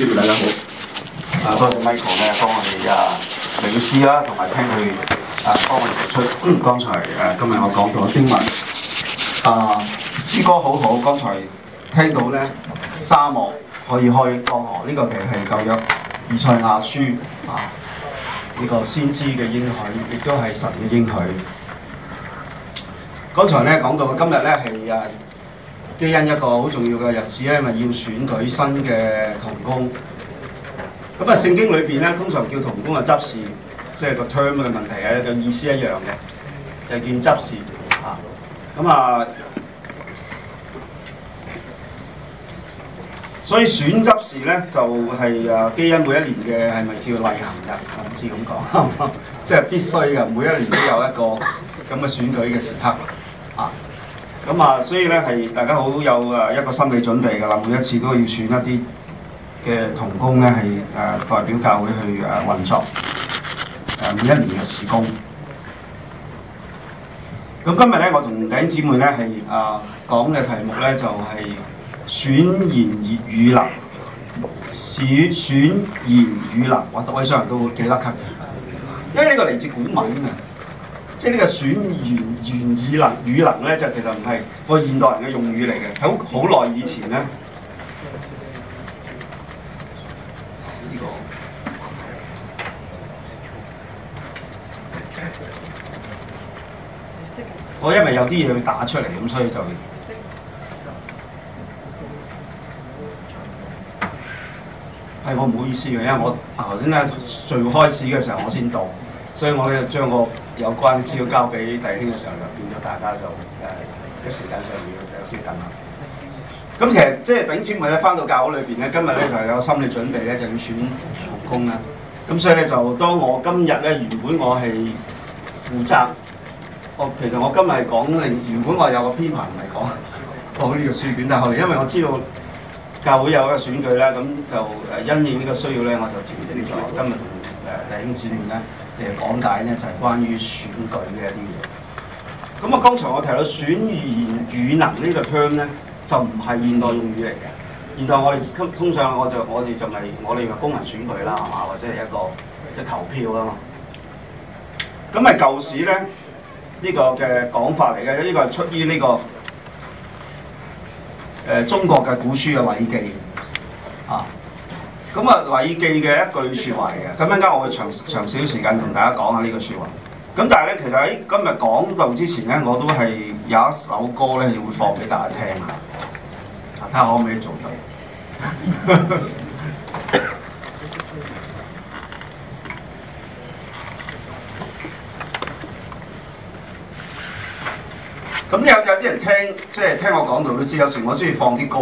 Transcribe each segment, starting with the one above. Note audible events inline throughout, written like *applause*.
歡迎大家好啊，多謝 Michael 咧幫我哋啊領詩啦，同埋聽佢啊幫我哋讀出。嗯，剛才誒、啊、今日我講到經文啊，詩歌好好。剛才聽到咧沙漠可以開江河，呢、這個其實係舊約以賽亞書啊呢、這個先知嘅應許，亦都係神嘅應許。剛才咧講到今日咧係啊。基恩一個好重要嘅日子咧，咪要選舉新嘅同工。咁、嗯、啊，聖經裏邊咧，通常叫同工係執事，即係個 term 嘅問題係一個意思一樣嘅，就係、是、見執事嚇。咁啊，所以選執事咧，就係啊，基恩每一年嘅係咪叫例行日我唔知咁講， *laughs* 即係必須嘅，每一年都有一個咁嘅選舉嘅時刻。咁啊，所以咧係大家好有啊一個心理準備㗎啦，每一次都要選一啲嘅童工咧係誒代表教會去誒、呃、運作誒、呃、每一年嘅事工。咁、呃、今日咧，我同弟兄姊妹咧係誒講嘅題目咧就係、是、選賢與能，選、選賢與能，我讀起上嚟都幾甩咳嘅，因為呢個嚟自古文。啊。即係呢個選賢賢與能與能咧，就其實唔係個現代人嘅用語嚟嘅，喺好耐以前咧。我、這個、因為有啲嘢要打出嚟，咁所以就係、哎、我唔好意思嘅，因為我頭先咧最開始嘅時候我先到，所以我咧將個。有關資料交俾弟兄嘅時候，就變咗大家就誒，一時間上要有少等啦。咁其實即係弟兄姊妹咧，翻、就是、到教會裏邊咧，今日咧就有心理準備咧，就要選長工啦。咁所以咧就當我今日咧原本我係負責，我其實我今日係講另原本我有個編排唔係講講呢個書卷，但係後嚟因為我知道教會有一個選舉咧，咁就誒因應呢個需要咧，我就調整咗今日誒、呃、弟兄姊妹呢。嘅講解咧就係、是、關於選舉嘅一啲嘢。咁啊，剛才我提到選賢與能呢個 term 咧，就唔係現代用語嚟嘅。然後我哋通常我就我哋就咪我哋嘅工人選舉啦，係嘛，或者係一個即係、就是、投票啦嘛。咁係舊時咧呢、這個嘅講法嚟嘅，呢、這個係出於呢、這個誒、呃、中國嘅古書嘅禮記啊。咁啊，禮記嘅一句説話嚟嘅，咁一陣間，我會長長少少時間同大家講下呢個説話。咁但係咧，其實喺今日講道之前咧，我都係有一首歌咧，會放俾大家聽下，睇下我可唔可以做到。咁 *laughs* *laughs* *laughs* 有有啲人聽，即係聽我講道，都知，有時我中意放啲歌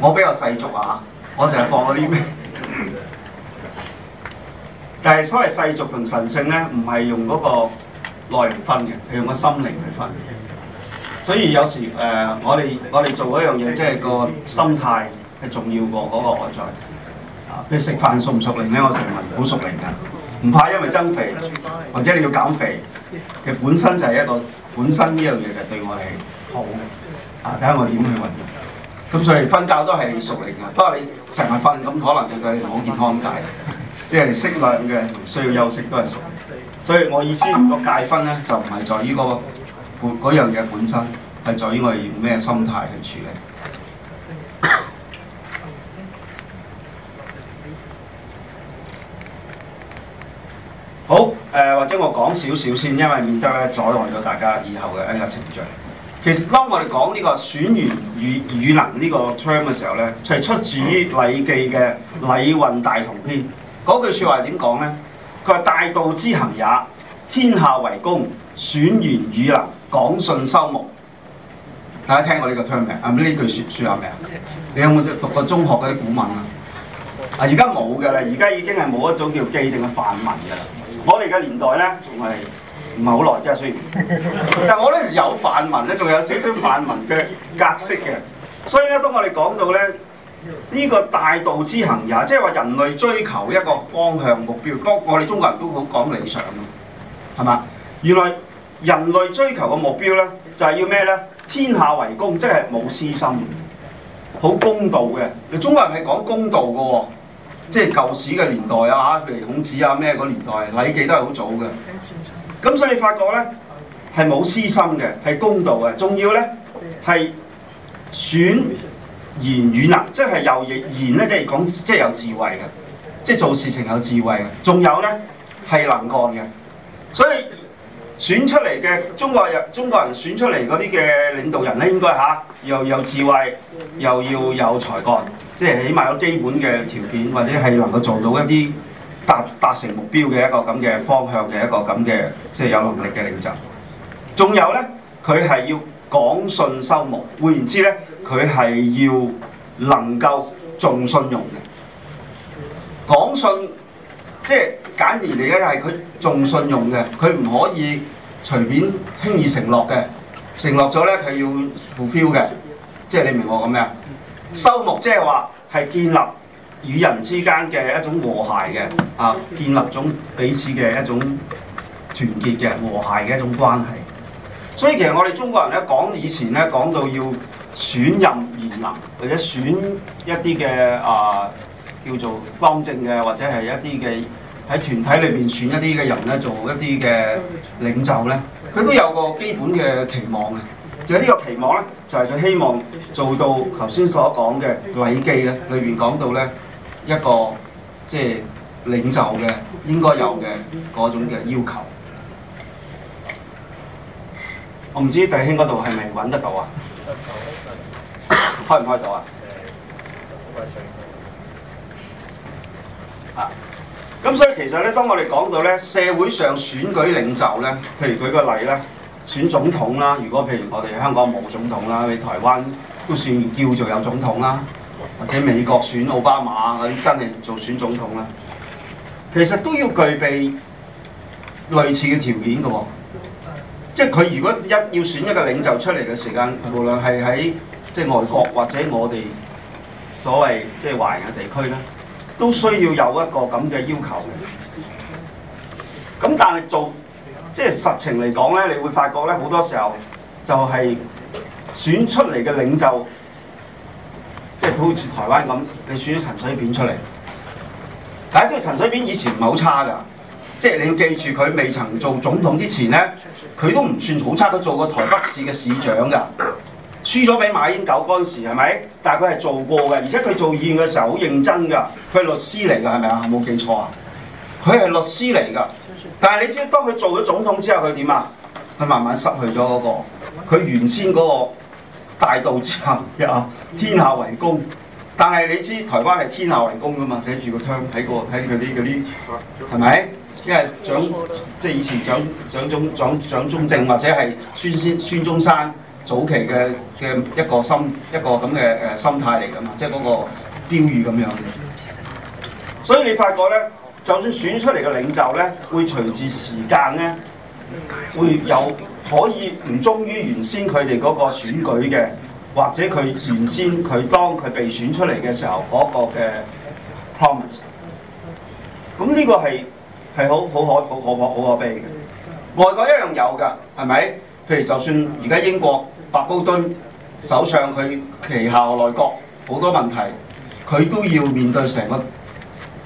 我比較細俗啊。我成日放嗰啲咩？但係所謂世俗同神聖咧，唔係用嗰個內來分嘅，係用個心靈嚟分。所以有時誒、呃，我哋我哋做嗰樣嘢，即係個心態係重要過嗰個外在。啊，譬如食飯熟唔熟靈咧？我食雲好熟靈㗎，唔怕。因為增肥或者你要減肥，其本身就係一個本身呢樣嘢就對我哋好。啊，睇下我點去運。咁所以瞓覺都係熟嚟㗎，不過你成日瞓咁，可能就對你冇健康解，即係適量嘅需要休息都係熟。所以我意思個戒、啊、分咧，就唔係在於、嗰個嗰樣嘢本身，係在於我哋咩心態去處理。好，誒、呃、或者我講少少先，因為唔得咧，阻礙咗大家以後嘅一日程序。其實當我哋講呢個選賢與與能呢個 term 嘅時候咧，就係、是、出自於《禮記》嘅《禮運大同篇》。嗰句説話點講咧？佢話大道之行也，天下為公，選賢與能，講信修睦。大家聽過呢個 term 未、啊？係呢句説説話未？你有冇讀過中學嗰啲古文啊？啊，而家冇嘅啦，而家已經係冇一種叫既定嘅範文嘅啦。我哋嘅年代咧，仲係。唔係好耐，啫，係雖然，但係我咧有泛民咧，仲有少少泛民嘅格式嘅，所以咧，當我哋講到咧呢、呢個大道之行也，即係話人類追求一個方向目標。我哋中國人都好講理想咯，係嘛？原來人類追求嘅目標咧，就係、是、要咩咧？天下為公，即係冇私心，好公道嘅。中國人係講公道嘅喎，即係舊時嘅年代啊，譬如孔子啊咩嗰年代，《禮記》都係好早嘅。咁所以你發覺咧，係冇私心嘅，係公道嘅，仲要咧係選賢與能，即係又亦賢咧，即係講即係有智慧嘅，即係做事情有智慧嘅，仲有咧係能幹嘅。所以選出嚟嘅中國人，中國人選出嚟嗰啲嘅領導人咧，應該嚇、啊、又有智慧，又要有才幹，即係起碼有基本嘅條件，或者係能夠做到一啲。達達成目標嘅一個咁嘅方向嘅一個咁嘅即係有能力嘅領袖，仲有咧，佢係要講信修睦，換言之咧，佢係要能夠重信用嘅。講信即係簡而言之係佢重信用嘅，佢唔可以隨便輕易承諾嘅，承諾咗咧佢要 fulfill 嘅，即係你明我講咩啊？修睦即係話係建立。與人之間嘅一種和諧嘅啊，建立種彼此嘅一種團結嘅和諧嘅一種關係。所以其實我哋中國人咧講以前咧講到要選任賢能，或者選一啲嘅啊叫做方正嘅，或者係一啲嘅喺團體裏邊選一啲嘅人咧做一啲嘅領袖咧，佢都有個基本嘅期望嘅。就係呢個期望咧，就係佢希望做到頭先所講嘅禮記嘅裏面講到咧。一個即係領袖嘅應該有嘅嗰種嘅要求， *noise* 我唔知弟兄嗰度係咪揾得到啊？揾得到？ *noise* 開唔開到 *noise* 啊？啊！咁所以其實咧，當我哋講到咧社會上選舉領袖咧，譬如舉個例咧，選總統啦，如果譬如我哋香港冇總統啦，你台灣都算叫做有總統啦。或者美國選奧巴馬嗰啲真係做選總統啦，其實都要具備類似嘅條件嘅喎，即係佢如果一要選一個領袖出嚟嘅時間，無論係喺即係外國或者我哋所謂即係、就是、華人嘅地區咧，都需要有一個咁嘅要求嘅。咁但係做即係實情嚟講咧，你會發覺咧好多時候就係選出嚟嘅領袖。即係好似台灣咁，你選咗陳水扁出嚟，但係即係陳水扁以前唔係好差㗎，即係你要記住佢未曾做總統之前咧，佢都唔算好差，都做過台北市嘅市長㗎，輸咗俾馬英九嗰陣時係咪？但係佢係做過嘅，而且佢做議員嘅時候好認真㗎，佢係律師嚟㗎係咪啊？冇記錯啊？佢係律師嚟㗎，但係你知道當佢做咗總統之後佢點啊？佢慢慢失去咗嗰個佢原先嗰個。大道之行啊！天下為公，但係你知台灣係天下為公噶嘛？寫住個窗睇過睇佢啲嗰啲係咪？因為蔣即係以前蔣蔣中蔣蔣中正，或者係孫先孫中山早期嘅嘅一個心一個咁嘅誒心態嚟㗎嘛，即係嗰個標語咁樣嘅。所以你發覺咧，就算選出嚟嘅領袖咧，會隨住時間咧，會有。可以唔忠於原先佢哋嗰個選舉嘅，或者佢原先佢當佢被選出嚟嘅時候嗰個嘅 promise，咁呢個係係好好可好可可好，好可悲嘅。外國一樣有㗎，係咪？譬如就算而家英國白高敦首相佢旗下內閣好多問題，佢都要面對成個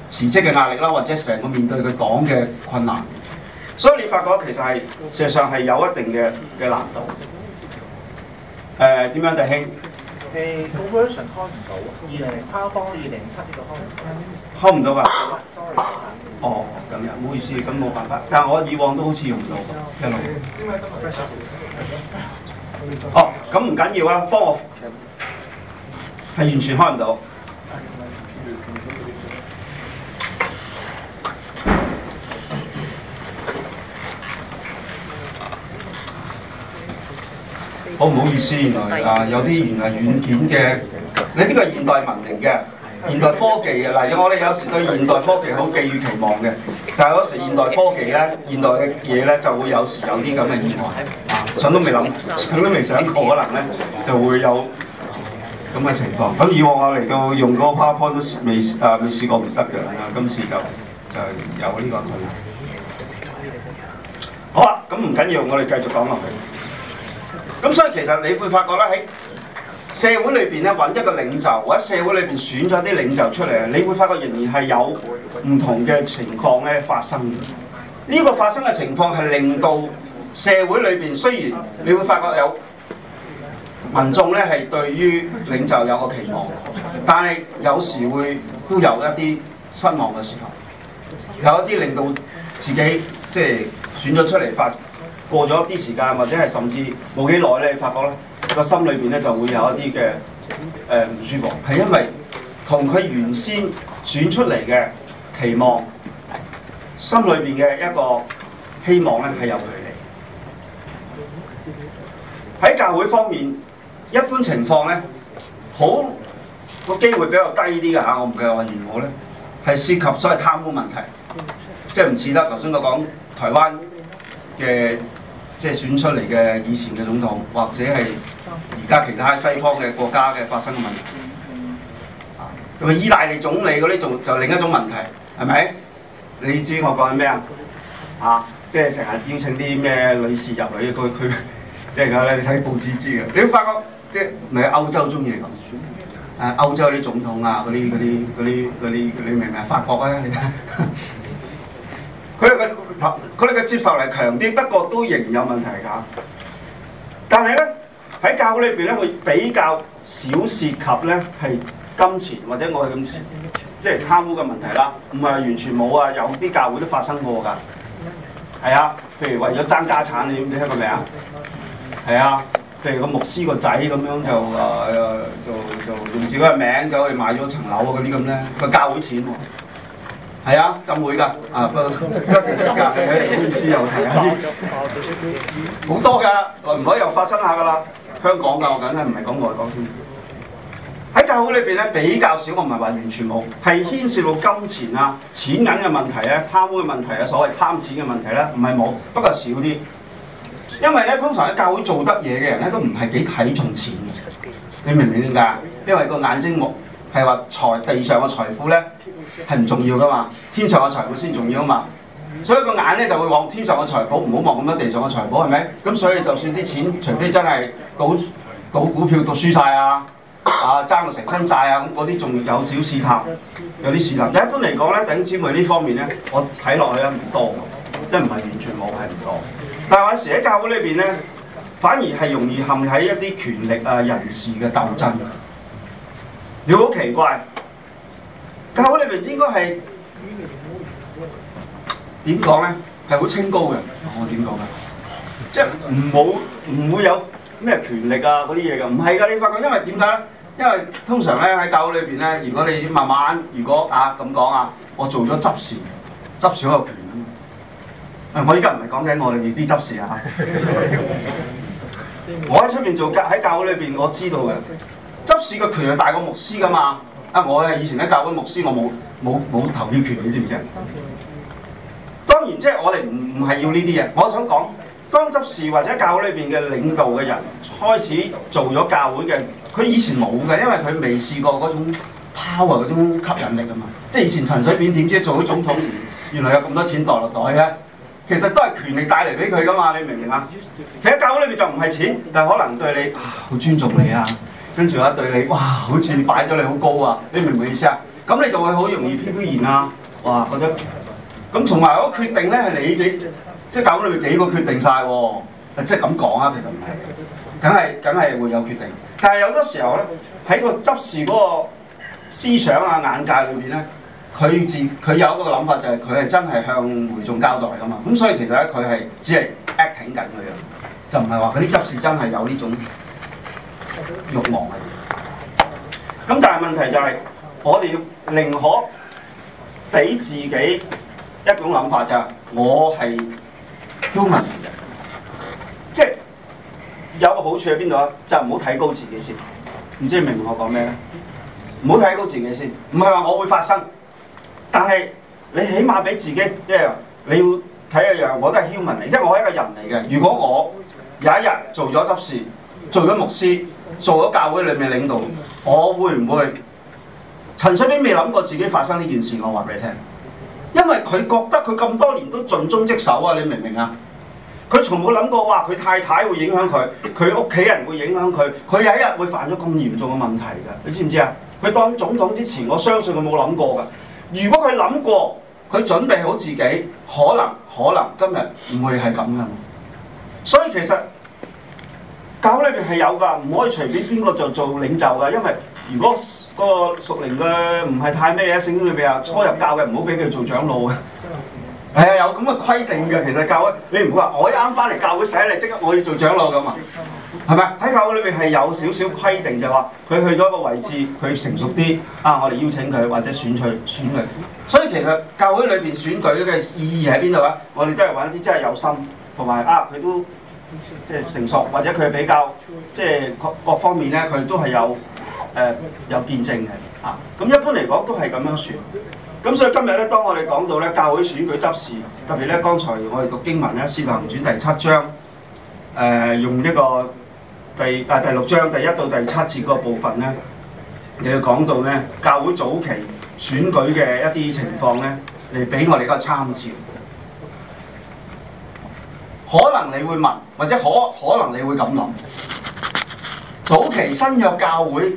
辭職嘅壓力啦，或者成個面對佢黨嘅困難。所以你發覺其實係，事實上係有一定嘅嘅難度。誒、呃、點樣？弟兄，誒 conversion、嗯、開唔到、啊，二嚟拋方二零七呢個開唔到，開唔到㗎。哦，咁樣，唔好意思，咁冇辦法。但我以往都好似用唔到嘅。聽嗯、哦，咁唔緊要啊，幫我係完全開唔到。好唔好意思，原來啊，有啲原來軟件嘅，你呢個係現代文明嘅，現代科技嘅。嗱，我哋有時對現代科技好寄予期望嘅，但係有時現代科技咧，現代嘅嘢咧就會有時有啲咁嘅意外啊，想都未諗，想都未想過，可能咧就會有咁嘅情況。咁以往我嚟到用嗰個 PowerPoint 都未啊未試過唔得嘅啦，今次就就有呢個問題。好啦，咁唔緊要，我哋繼續講落去。咁所以其實你會發覺咧，喺社會裏邊咧揾一個領袖，或者社會裏邊選咗啲領袖出嚟，你會發覺仍然係有唔同嘅情況咧發生。呢個發生嘅情況係令到社會裏邊，雖然你會發覺有民眾咧係對於領袖有個期望，但係有時會都有一啲失望嘅時候，有一啲令到自己即係選咗出嚟發。過咗一啲時間，或者係甚至冇幾耐咧，你發覺咧個心裏邊咧就會有一啲嘅誒唔舒服，係因為同佢原先選出嚟嘅期望，心裏邊嘅一個希望咧係有距離。喺教會方面，一般情況咧，好個機會比較低啲嘅嚇，我唔計話如何咧，係涉及所謂貪污問題，即係唔似得頭先我講台灣嘅。即係選出嚟嘅以前嘅總統，或者係而家其他西方嘅國家嘅發生嘅問題。啊、嗯，同、嗯、埋意大利總理嗰啲仲就另一種問題，係咪？你知我講緊咩啊？啊，即係成日邀請啲咩女士入嚟嗰個區，即係咁咧。你睇報紙知嘅。你都發覺即係咪歐洲中意咁？啊，歐洲啲總統啊，嗰啲嗰啲嗰啲嗰啲你明唔明？咩咩法國咧、啊，你睇佢佢。佢哋嘅接受力強啲，不過都仍有問題㗎。但係咧，喺教會裏邊咧，會比較少涉及咧，係金錢，或者我係咁講，即係貪污嘅問題啦。唔係完全冇啊，有啲教會都發生過㗎。係啊，譬如為咗爭家產，你你聽過未啊？係啊，譬如個牧師個仔咁樣就誒、啊、就就用自己嘅名就走去買咗層樓啊，嗰啲咁咧，個教會錢喎。係啊，就會㗎。啊，不過、啊、一段時間公司又睇下好多㗎，唔可又發生下㗎啦。香港㗎，我講緊唔係講外國添。喺教會裏面咧比較少，我唔係話完全冇，係牽涉到金錢啊、錢銀嘅問題咧、貪污嘅問題啊、所謂貪錢嘅問題咧，唔係冇，不過少啲。因為呢，通常喺教會做得嘢嘅人咧，都唔係幾睇重錢。你明唔明㗎？因為個眼睛目係話財地上嘅財富呢。係唔重要噶嘛？天上嘅財寶先重要啊嘛！所以個眼咧就會望天上嘅財寶，唔好望咁多地上嘅財寶。係咪？咁所以就算啲錢，除非真係賭賭股票都輸晒啊，啊爭到成身債啊，咁嗰啲仲有少試探，有啲試探。一般嚟講咧，頂姊妹呢方面咧，我睇落去咧唔多，即係唔係完全冇係唔多。但係有時喺教會裏邊咧，反而係容易陷喺一啲權力啊人士嘅鬥爭。你好奇怪。教會裏面應該係點講呢？係好清高嘅，我點講呢？即係唔冇唔會有咩權力啊嗰啲嘢㗎，唔係㗎，你發覺因為點解咧？因為通常呢喺教會裏面呢，如果你慢慢如果啊咁講啊，我做咗執事，執事我有權啊嘛。我依家唔係講緊我哋啲執事啊， *laughs* 我喺出面做嘅喺教會裏面我知道嘅執事嘅權係大過牧師㗎嘛。啊！我咧以前咧教會牧師，我冇冇冇投票權，你知唔知啊？嗯、當然，即係我哋唔唔係要呢啲嘢。我想講，當執事或者教會裏邊嘅領導嘅人，開始做咗教會嘅，佢以前冇嘅，因為佢未試過嗰種 power 嗰種吸引力啊嘛。即係以前陳水扁，點知做咗總統，原來有咁多錢袋落袋嘅，其實都係權力帶嚟俾佢噶嘛。你明唔明啊？其實教會裏邊就唔係錢，但係可能對你啊好尊重你啊。跟住我對你，哇！好似擺咗你好高啊，你明唔明意思啊？咁你就會好容易飄飄然啊！哇，覺得咁，同埋嗰決定咧，你幾即係搞到你哋幾個決定晒喎，啊？即係咁講啊，其實唔係，梗係梗係會有決定，但係有多時候咧，喺個執事嗰個思想啊眼界裏面咧，佢自佢有一個諗法就係佢係真係向會眾交代噶嘛，咁所以其實咧佢係只係 acting 緊佢啊，就唔係話嗰啲執事真係有呢種。欲望啊！咁但係問題就係，我哋要寧可俾自己一種諗法就係，我係 human 嚟嘅，即係有個好處喺邊度啊？就唔好睇高自己先。唔知你明唔明我講咩咧？唔好睇高自己先。唔係話我會發生，但係你起碼俾自己一樣，你要睇一樣，我都係 human 嚟，即係我係一個人嚟嘅。如果我有一日做咗執事，做咗牧師。做咗教會裏面領導，我會唔會？陳水扁未諗過自己發生呢件事，我話俾你聽，因為佢覺得佢咁多年都盡忠職守啊！你明唔明啊？佢從冇諗過，哇！佢太太會影響佢，佢屋企人會影響佢，佢有一日會犯咗咁嚴重嘅問題㗎！你知唔知啊？佢當總統之前，我相信佢冇諗過㗎。如果佢諗過，佢準備好自己，可能可能今日唔會係咁㗎。所以其實。教會裏邊係有噶，唔可以隨便邊個就做領袖噶，因為如果嗰個屬靈嘅唔係太咩嘢，聖經裏面啊，初入教嘅唔好俾佢做長老嘅。係、哎、啊，有咁嘅規定嘅。其實教會你唔好話我一啱翻嚟教會寫你即刻我要做長老咁啊，係咪？喺教會裏邊係有少少規定，就係話佢去到一個位置佢成熟啲啊，我哋邀請佢或者選取選佢。所以其實教會裏邊選舉嘅意義喺邊度啊？我哋都係搵啲真係有心同埋啊，佢都。即係成熟，或者佢比較，即係各各方面咧，佢都係有誒有見證嘅嚇。咁、啊、一般嚟講都係咁樣算。咁、啊、所以今日咧，當我哋講到咧教會選舉執事，特別咧剛才我哋讀經文咧，使徒行傳第七章誒、呃、用一個第啊第六章第一到第七節嗰部分咧，你要講到咧教會早期選舉嘅一啲情況咧，嚟俾我哋一個參照。可能你會問，或者可可能你會咁諗，早期新約教會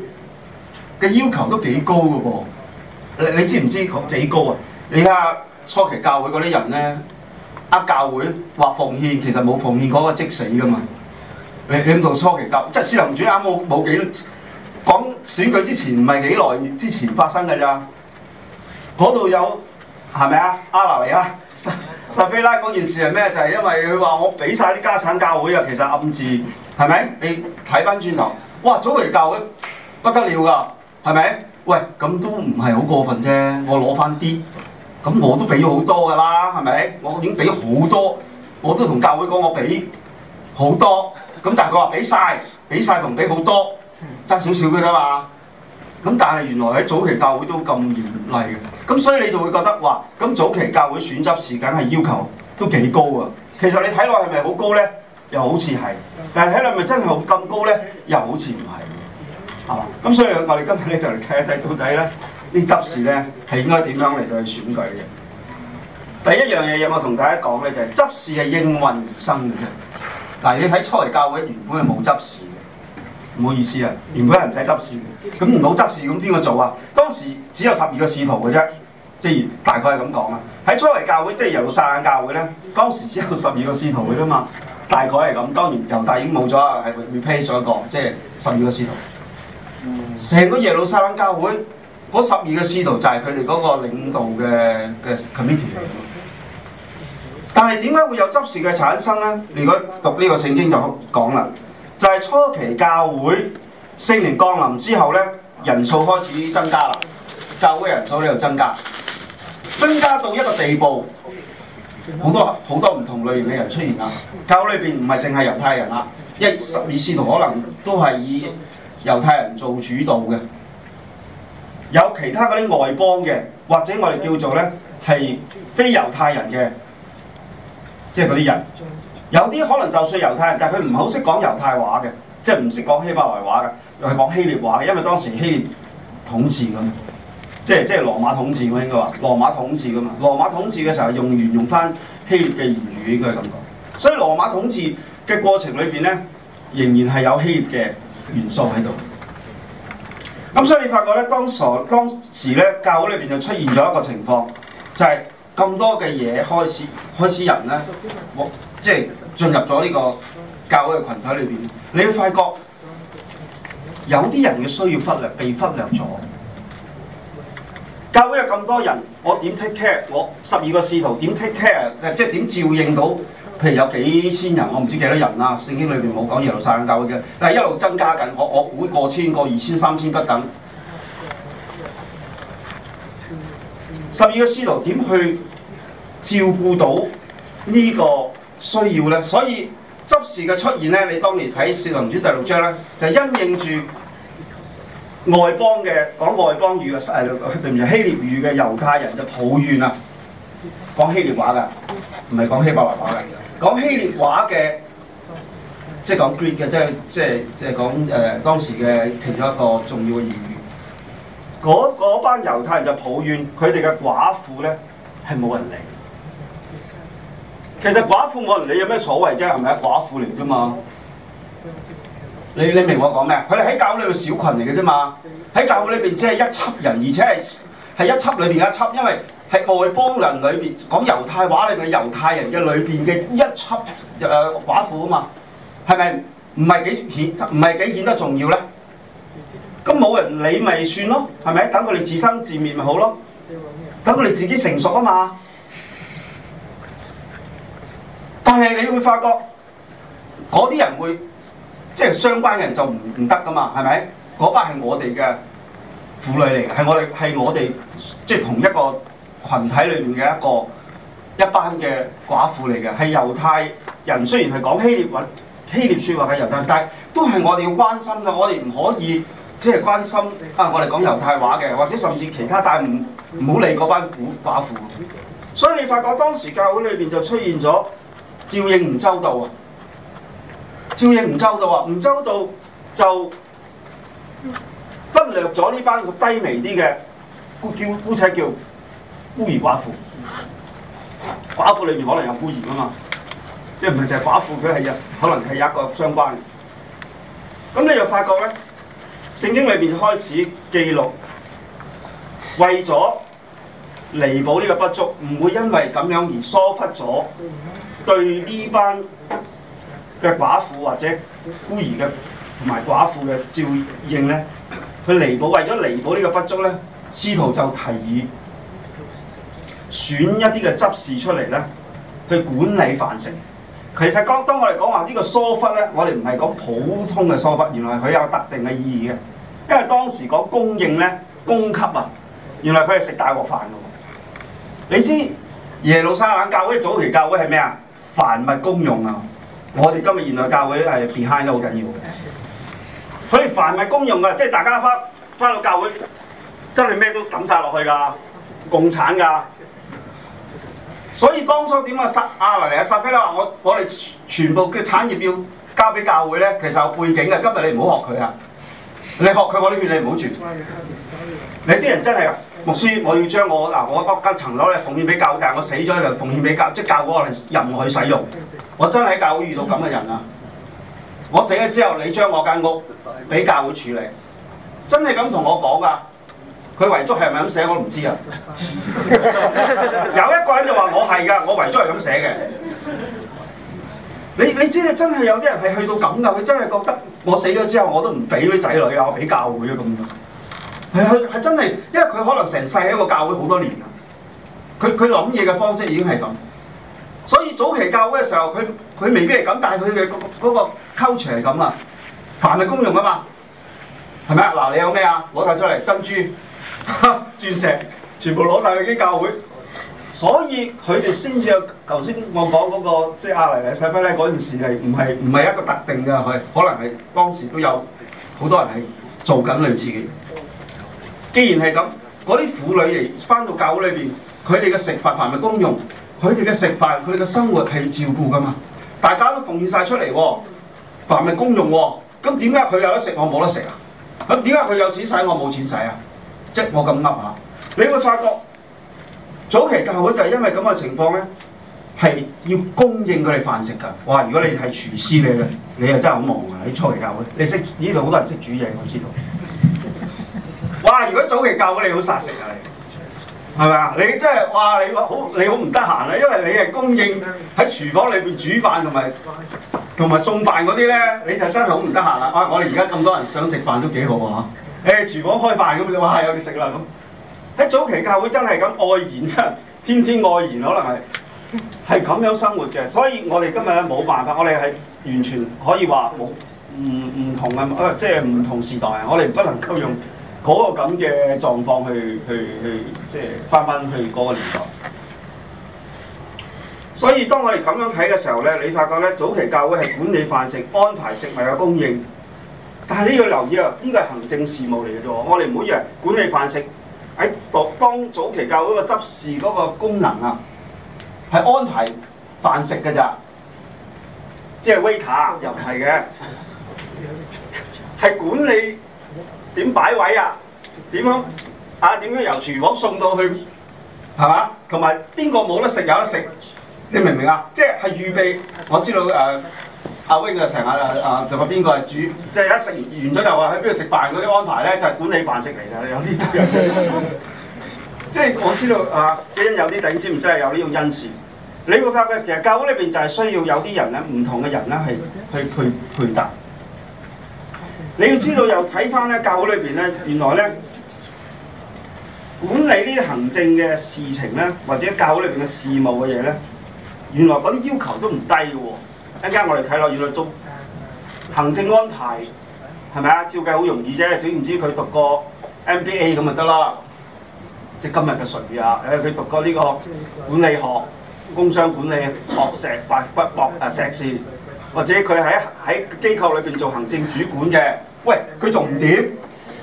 嘅要求都幾高㗎喎、哦。你你知唔知幾高啊？你睇下初期教會嗰啲人咧，啊教會話奉獻，其實冇奉獻嗰個即死㗎嘛。你點到初期教？即係林主啱冇冇幾講選舉之前唔係幾耐之前發生㗎咋？嗰度有係咪啊？亞拿尼啊！薩菲拉嗰件事係咩？就係、是、因為佢話我俾曬啲家產教會啊，其實暗指係咪？你睇翻轉頭，哇！早期教會不得了噶，係咪？喂，咁都唔係好過分啫。我攞翻啲，咁我都俾咗好多噶啦，係咪？我已經俾好多，我都同教會講我俾好多，咁但係佢話俾曬，俾曬同唔俾好多爭少少嘅啫嘛。咁但係原來喺早期教會都咁嚴厲嘅。咁所以你就會覺得話，咁早期教會選執事緊係要求都幾高啊！其實你睇落係咪好高呢？又好似係，但係睇落係咪真係咁高呢？又好似唔係，係嘛？咁所以我哋今日咧就嚟睇一睇到底咧呢執事咧係應該點樣嚟到去選舉嘅。第一樣嘢有冇同大家講咧就係、是、執事係應運而生嘅。嗱，你睇初期教會原本係冇執事。唔好意思啊，原本係唔使執事嘅，咁唔好執事咁邊個做啊？當時只有十二個使徒嘅啫，即大概係咁講啊。喺初嚟教會，即係耶路撒冷教會呢，當時只有十二個使徒嘅啫嘛，大概係咁。當然猶大已經冇咗，係被批咗一個，即係十二個使徒。嗯。成個耶路撒冷教會嗰十二個使徒就係佢哋嗰個領導嘅 committee 嚟嘅。但係點解會有執事嘅產生咧？如果讀呢個聖經就好講啦。就係初期教會聖靈降臨之後呢，人數開始增加啦，教會人數咧又增加，增加到一個地步，好多好多唔同類型嘅人出現啦。教會裏面唔係淨係猶太人啦，因為十二使徒可能都係以猶太人做主導嘅，有其他嗰啲外邦嘅，或者我哋叫做呢係非猶太人嘅，即係嗰啲人。有啲可能就算猶太人，但係佢唔好識講猶太話嘅，即係唔識講希伯來話嘅，又係講希臘話嘅，因為當時希臘統治噶，即係即係羅馬統治，應該話羅馬統治噶嘛，羅馬統治嘅時候用完用翻希臘嘅言語應該係咁講，所以羅馬統治嘅過程裏邊咧，仍然係有希臘嘅元素喺度。咁所以你發覺咧，當時當時咧，教會裏邊就出現咗一個情況，就係、是、咁多嘅嘢開始開始人咧冇。即係進入咗呢個教會嘅群體裏邊，你會發覺有啲人嘅需要忽略，被忽略咗。教會有咁多人，我點 take care？我十二個使徒點 take care？即係點照應到？譬如有幾千人，我唔知幾多人啦。聖經裏邊冇講耶路撒冷教會嘅，但係一路增加緊。我我估過千個、過二千、三千不等。十二個使徒點去照顧到呢、這個？需要咧，所以執事嘅出現咧，你當年睇《聖經》主第六章咧，就因應住外邦嘅講外邦語嘅誒、啊，對唔對？希臘語嘅猶太人就抱怨啊，講希臘話噶，唔係講希伯來話噶，講希臘話嘅，即、就、係、是、講 Greek 嘅，即係即係即係講誒、呃、當時嘅其中一個重要嘅言語。嗰嗰班猶太人就抱怨，佢哋嘅寡婦咧係冇人嚟。其實寡婦冇人理有咩所謂啫，係咪寡婦嚟啫嘛，你明我講咩？佢哋喺教會裏面小群嚟嘅啫嘛，喺教會裏邊只係一輯人，而且係一輯裏邊一輯，因為係外邦人裏邊講猶太話裏面猶太人嘅裏邊嘅一輯誒寡婦啊嘛，係咪唔係幾顯唔係幾顯得重要咧？咁冇人理咪算咯，係咪？等佢哋自生自滅咪好咯，等佢哋自己成熟啊嘛。但係，你會發覺嗰啲人會即係相關人就唔唔得噶嘛？係咪？嗰班係我哋嘅婦女嚟嘅，係我哋係我哋即係同一個群體裏面嘅一個一班嘅寡婦嚟嘅，係猶太人。雖然係講希臘話希臘說話係猶太，但係都係我哋要關心㗎。我哋唔可以只係關心啊！我哋講猶太話嘅，或者甚至其他大，但係唔唔好理嗰班寡寡婦。所以你發覺當時教會裏邊就出現咗。照應唔周到啊！照應唔周到啊！唔周到就忽略咗呢班個低微啲嘅，叫姑且叫孤兒寡婦。寡婦裏面可能有孤兒啊嘛，即係唔係淨係寡婦佢係有，可能係有一個相關嘅。咁你又發覺咧，聖經裏邊就開始記錄，為咗彌補呢個不足，唔會因為咁樣而疏忽咗。對呢班嘅寡婦或者孤兒嘅同埋寡婦嘅照應呢，佢彌補，為咗彌補呢個不足咧，使徒就提議選一啲嘅執事出嚟呢，去管理飯食。其實當，當我哋講話呢個疏忽呢，我哋唔係講普通嘅疏忽，原來佢有特定嘅意義嘅。因為當時講供應呢，供給啊，原來佢係食大鍋飯㗎。你知耶路撒冷教會早期教會係咩啊？凡物公用啊！我哋今日現代教會係 behind 都好緊要嘅，所以凡物公用噶、啊，即係大家返返到教會，真係咩都抌曬落去噶，共產噶。所以當初點啊，撒亞伯尼啊，撒菲拉話我我哋全部嘅產業要交俾教會呢？其實有背景嘅。今日你唔好學佢啊！你學佢，我啲勸你唔好住。你啲人真係、啊、～牧師，我要將我嗱我嗰間層樓咧奉獻俾教，但我死咗就奉獻俾教，即係教會我哋任佢使用。我真係喺教會遇到咁嘅人啊！我死咗之後，你將我間屋俾教會處理，真係咁同我講噶。佢遺囑係咪咁寫，我唔知啊。 *laughs* 有一個人就話我係噶，我遺囑係咁寫嘅。你你知道，真係有啲人係去到咁噶，佢真係覺得我死咗之後，我都唔俾啲仔女啊，我俾教會啊咁。係係真係，因為佢可能成世喺個教會好多年啦。佢佢諗嘢嘅方式已經係咁，所以早期教會嘅時候，佢佢未必係咁，但係佢嘅嗰個構造係咁啊。凡係公用啊嘛，係咪啊？嗱，你有咩啊？攞晒出嚟，珍珠、鑽石，全部攞晒去啲教會。所以佢哋先至有頭先我講嗰個，即係阿歷利西非咧嗰陣時係唔係唔係一個特定㗎，佢可能係當時都有好多人係做緊類似。既然係咁，嗰啲婦女嚟翻到教會裏邊，佢哋嘅食飯係咪公用？佢哋嘅食飯，佢哋嘅生活係照顧噶嘛？大家都奉獻晒出嚟喎，係咪公用啊？咁點解佢有得食，我冇得食啊？咁點解佢有錢使，我冇錢使啊？即係我咁噏下，你會發覺早期教會就係因為咁嘅情況咧，係要供應佢哋飯食㗎。哇！如果你係廚師嚟嘅，你又真係好忙啊！喺初期教會，你識呢度好多人識煮嘢，我知道。哇！如果早期教會你好殺食啊你，你係咪啊？你真係哇！你好，你好唔得閒啊，因為你係供應喺廚房裏邊煮飯同埋同埋送飯嗰啲咧，你就真係好唔得閒啦。哇！我哋而家咁多人想食飯都幾好啊嚇！誒、哎，廚房開飯咁，哇，有要食啦咁。喺早期教會真係咁愛筵，真係天天愛筵，可能係係咁樣生活嘅。所以我哋今日咧冇辦法，我哋係完全可以話冇唔唔同嘅，即係唔同時代啊！我哋不能夠用。嗰個咁嘅狀況去去去，即係翻翻去嗰個年代。所以當我哋咁樣睇嘅時候咧，你發覺咧早期教會係管理飯食、安排食物嘅供應。但係你要留意啊，呢個係行政事務嚟嘅啫。我哋唔好以為管理飯食喺當早期教會個執事嗰個功能啊，係安排飯食嘅咋、er。即係 Waiter 又係嘅，係管理。點擺位啊？點樣啊？點樣由廚房送到去？係嘛？同埋邊個冇得食有得食？你明唔明啊？即係預備我知道誒，阿威佢成日誒誒同埋邊個係煮，即係一食完完咗就話喺邊度食飯嗰啲安排咧，就係、是、管理飯食嚟㗎。有啲 *laughs* *laughs* 即係我知道啊，基因有啲頂知唔知係有呢個恩賜？你會發覺其實教會裏邊就係需要有啲人咧，唔同嘅人咧係去，去配配，配搭。你要知道，又睇返咧教會裏面咧，原來咧管理呢行政嘅事情咧，或者教會裏面嘅事務嘅嘢咧，原來嗰啲要求都唔低嘅喎、哦。一陣我哋睇落，原來做行政安排係咪啊？照計好容易啫，總言之，佢讀個 MBA 咁就得啦。即今日嘅術語啊？誒，佢讀過呢個管理學、工商管理學碩博碩士，或者佢喺喺機構裏邊做行政主管嘅。喂，佢仲唔掂？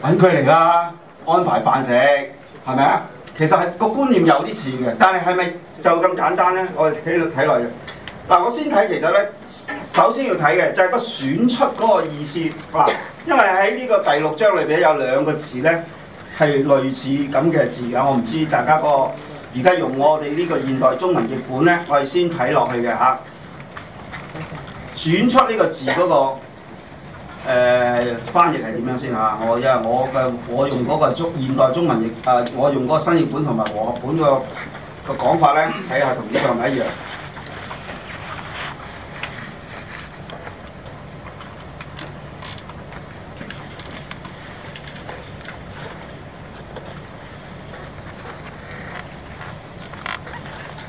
揾佢嚟啦，安排飯食，係咪啊？其實係個觀念有啲似嘅，但係係咪就咁簡單呢？我睇睇落嘅。嗱、啊，我先睇其實呢，首先要睇嘅就係個選出嗰個意思。嗱、啊，因為喺呢個第六章裏面有兩個字呢，係類似咁嘅字。我唔知大家個而家用我哋呢個現代中文譯本呢，我哋先睇落去嘅嚇、啊。選出呢個字嗰、那個。誒、呃，翻譯係點樣先嚇？我因為我嘅我用嗰、那個中現代中文譯，啊、呃，我用嗰個新譯本同埋我本個個講法咧，睇下同呢個係咪一樣。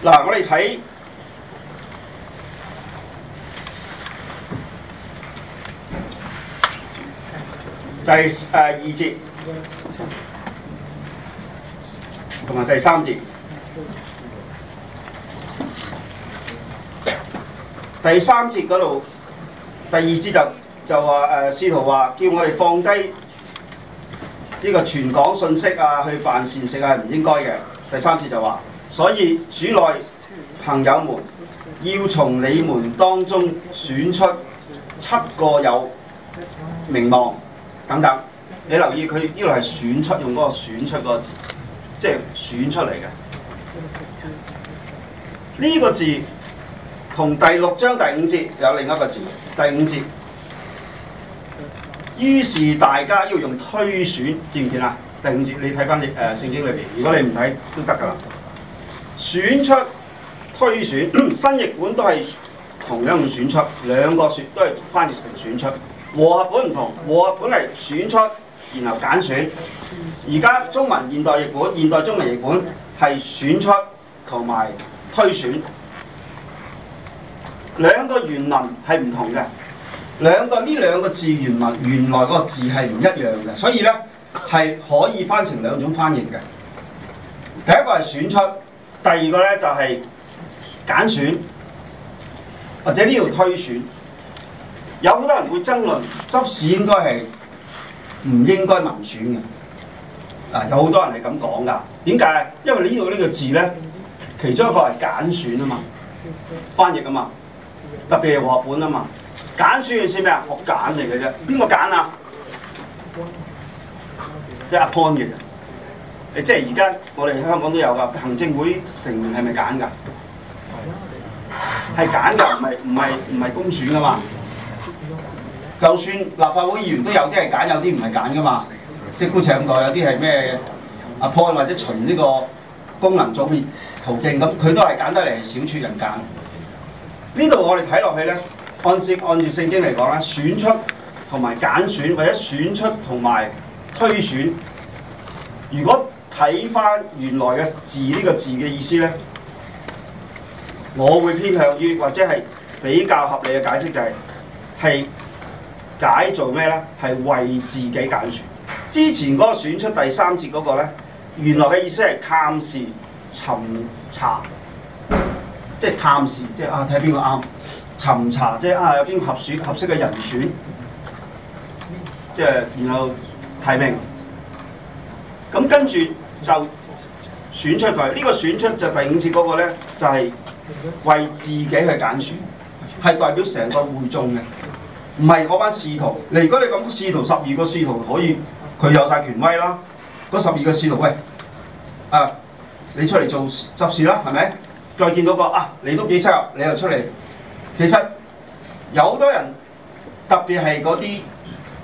嗱，我哋睇。第二節，同埋第三節。第三節嗰度，第二節就就話誒，使徒話叫我哋放低呢個傳講信息啊，去辦善事係唔應該嘅。第三節就話，所以主內朋友們，要從你們當中選出七個有名望。等等，你留意佢呢度係選出用嗰個選出個字，即係選出嚟嘅。呢個字同第六章第五節有另一個字。第五節，於是大家要用推選，見唔見啊？第五節你睇返誒聖經裏面，如果你唔睇都得㗎啦。選出推選， *coughs* 新譯本都係同樣用選出，兩個選都係翻譯成選出。和合本唔同，和合本係選出，然後揀選。而家中文現代譯本、現代中文譯本係選出同埋推選，兩個原文係唔同嘅。兩個呢兩個字原文原來嗰個字係唔一樣嘅，所以呢係可以翻成兩種翻譯嘅。第一個係選出，第二個呢就係、是、揀選，或者呢度推選。有好多人會爭論執事應該係唔應該民選嘅、啊、有好多人係咁講噶。點解？因為呢依度呢個字呢，其中一個係揀選啊嘛，翻譯啊嘛，特別係學本啊嘛，揀選係咩啊？我揀嚟嘅啫，邊個揀啊？即係 appoint 嘅啫。即係而家我哋香港都有噶，行政會成員係咪揀㗎？係揀㗎，唔係唔係唔係公選㗎嘛？就算立法會議員都有啲係揀，有啲唔係揀噶嘛，即係姑且咁講，有啲係咩 appoint 或者循呢個功能組別途徑，咁佢都係揀得嚟係小撮人揀。呢度我哋睇落去咧，按照按照聖經嚟講咧，選出同埋揀選，選或者選出同埋推選，如果睇翻原來嘅字呢、這個字嘅意思咧，我會偏向於或者係比較合理嘅解釋就係、是、係。解做咩咧？係為自己揀選，選。之前嗰個選出第三節嗰個咧，原來嘅意思係探視、尋查，即係探視，即、就、係、是、啊睇邊個啱，尋查啫、就是、啊有邊個合選合適嘅人選，即係然後提名。咁跟住就選出佢。呢、這個選出就第五節嗰個咧，就係、是、為自己去揀選，選，係代表成個會眾嘅。唔係嗰班使徒，如果你咁使徒，十二個使徒可以，佢有曬權威啦。嗰十二個使徒，喂，啊、你出嚟做執事啦，係咪？再見到個啊，你都幾適合，你又出嚟。其實有好多人，特別係嗰啲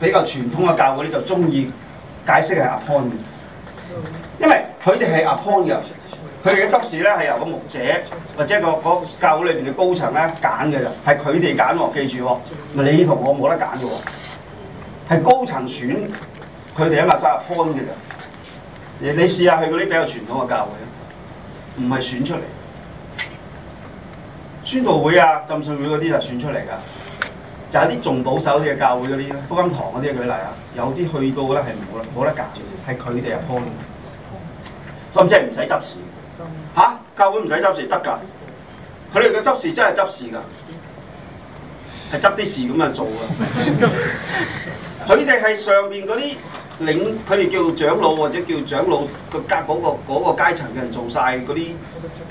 比較傳統嘅教會咧，就中意解釋係 appointment，因為佢哋係 appointment 佢哋嘅執事咧係由個牧者或者個教會裏面嘅高層咧揀嘅啫，係佢哋揀喎，記住，咪你同我冇得揀嘅喎，係高層選，佢哋喺亞入看嘅你的的的，你試下去嗰啲比較傳統嘅教會，唔係選出嚟，宣道會啊、浸信會嗰啲就選出嚟㗎，就係啲重保守啲嘅教會嗰啲，福音堂嗰啲舉例啊，有啲去到咧係冇冇得揀，係佢哋入看，甚至係唔使執事。吓、啊，教會唔使執事得噶，佢哋嘅執事真係執事噶，係執啲事咁樣做噶。佢哋係上邊嗰啲領，佢哋叫長老或者叫長老嘅家嗰個、嗰個階層嘅人做晒嗰啲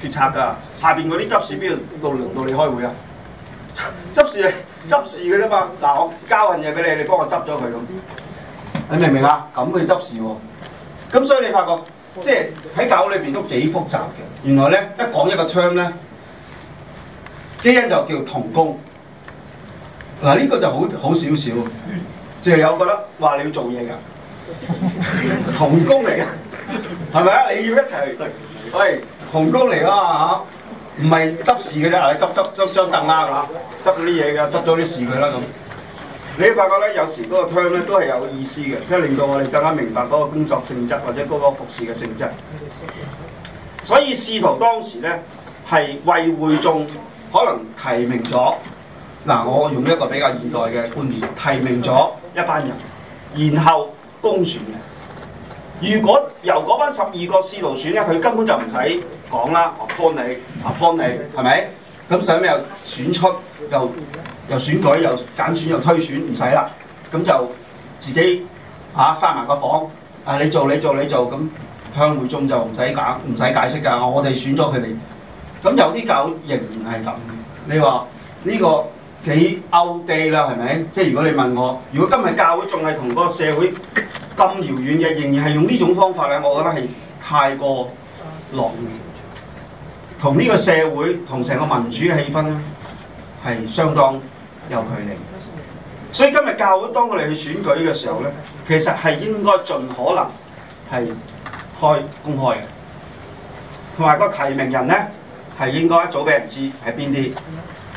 決策噶，下邊嗰啲執事邊度到輪到你開會執執啊？執事執事嘅啫嘛，嗱我交人嘢俾你，你幫我執咗佢咁，你明唔明啊？咁去執事喎，咁所以你發覺。即係喺教會裏邊都幾複雜嘅，原來咧一講一個 term 咧，基恩就叫同工。嗱、這、呢個就好好少少，即係有覺得話你要做嘢㗎，同工嚟㗎，係咪啊？你要一齊，喂，同工嚟㗎嘛，唔係執事嘅啫，你執執執張凳啦嚇，執嗰啲嘢㗎，執咗啲事佢啦咁。你會發覺咧，有時嗰個唱咧都係有意思嘅，即係令到我哋更加明白嗰個工作性質或者嗰個服侍嘅性質。所以使徒當時咧係為會眾可能提名咗，嗱我用一個比較現代嘅觀念提名咗一班人，然後公選嘅。如果由嗰班十二個使徒選咧，佢根本就唔使講啦，我幫你，我幫你，係咪？咁使咩又選出又。又選舉又揀選，選又推選唔使啦，咁就自己啊，閂埋個房啊！你做你做你做咁，向會眾就唔使解唔使解釋㗎，我哋選咗佢哋。咁有啲教會仍然係咁，你話呢、呢個幾 outdated 啦，係咪？即係如果你問我，如果今日教會仲係同個社會咁遙遠嘅，仍然係用呢種方法咧，我覺得係太過落伍，同呢個社會同成個民主嘅氣氛咧係相當。有距離，所以今日教會當我哋去選舉嘅時候咧，其實係應該盡可能係開公開嘅，同埋個提名人咧係應該一早俾人知係邊啲，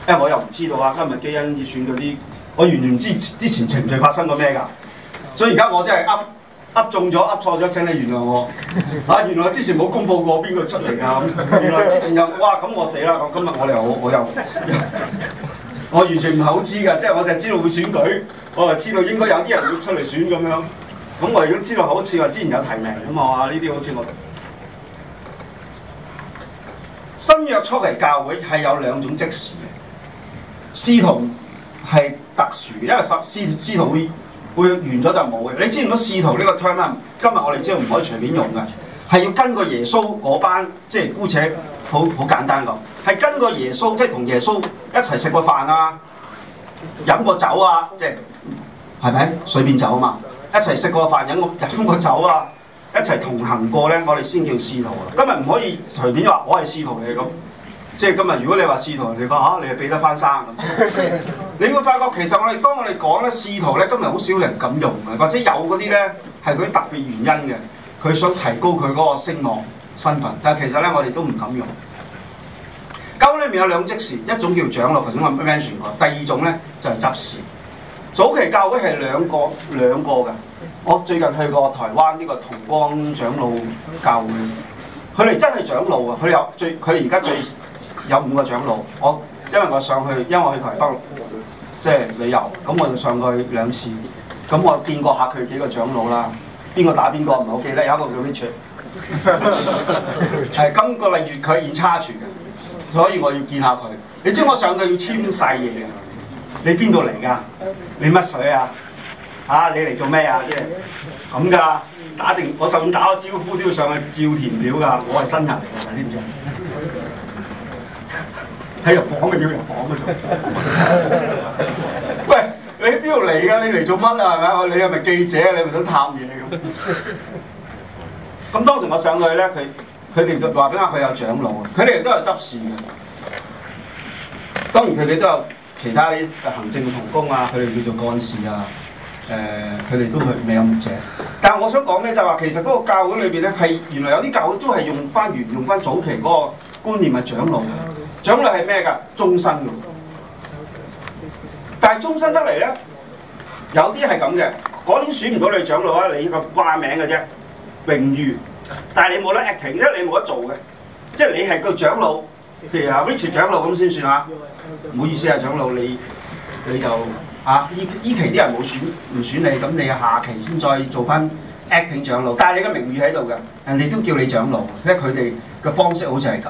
因為我又唔知道啊。今日基恩要選到啲，我完全唔知之前程序發生過咩㗎，所以而家我真係噏噏中咗，噏錯咗，請你原諒我啊，原來我！原來之前冇公佈過邊個出嚟㗎，原來之前又，哇咁我死啦！我今日我又我又。 *laughs* 我完全唔係好知㗎，即係我就知道會選舉，我係知道應該有啲人會出嚟選咁樣。咁我如果知道好似話之前有提名咁啊，呢啲好似我新約初期教會係有兩種職事嘅，使徒係特殊，因為使徒，使徒會完咗就冇嘅。你知唔知使徒呢個 term 今日我哋即係唔可以隨便用㗎，係要跟個耶穌嗰班，即係姑且。好好簡單咁，係跟過耶穌，即係同耶穌一齊食過飯啊，飲過酒啊，即係係咪？水變酒啊嘛，一齊食過飯飲過飲過酒啊，一齊同行過咧，我哋先叫使徒啊。今日唔可以隨便話我係使徒嚟嘅咁，即係今日如果你話使徒，嚟嘅話吓你係俾得翻生咁。你會 *laughs* 發覺其實我哋當我哋講咧使徒咧，今日好少人敢用嘅，或者有嗰啲咧係佢特別原因嘅，佢想提高佢嗰個聲望。身份，但係其實咧，我哋都唔敢用。教會裏面有兩職事，一種叫長老，頭先我 mention 過。第二種咧就係執事。早期教會係兩個兩個㗎。我最近去過台灣呢個同光長老教會，佢哋真係長老啊！佢有最，佢而家最有五個長老。我因為我上去，因為我去台北即係旅遊，咁我就上去兩次。咁我見過下佢幾個長老啦。邊個打，邊個唔係好記得，有一個叫 Richard。就係 *laughs* 今個例月佢現差傳嘅，所以我要見下佢。你知我上去要簽晒嘢嘅，你邊度嚟噶？你乜水啊？吓、啊，你嚟做咩啊？即係咁噶，打定我就算打個招呼都要上去照填表噶。我係新人嚟嘅，知唔知？喺入房嘅要入房嘅做。喂，你邊度嚟噶？你嚟做乜啊？係咪？你係咪記者啊？你係咪想探嘢咁？ *laughs* 咁當時我上去呢，佢佢就話俾我佢有長老啊，佢哋都有執事嘅。當然佢哋都有其他啲行政同工啊，佢哋叫做幹事啊。誒、呃，佢哋都未未有咁正。 *coughs* 但係我想講咧，就話其實嗰個教會裏面咧，係原來有啲教會都係用翻原用翻早期嗰個觀念係長老嘅。長老係咩㗎？終身㗎。但係終身得嚟呢，有啲係咁嘅。嗰年選唔到你長老啊，你依個掛名㗎啫。名譽，但係你冇得 acting，因為你冇得做嘅，即係你係個長老，譬如啊 Richard 長老咁先算啊。唔好意思啊，長老，你你就啊，依依期啲人冇選，唔選你，咁你下期先再做翻 acting 長老。但係你嘅名譽喺度嘅，人哋都叫你長老，即係佢哋嘅方式好似係咁。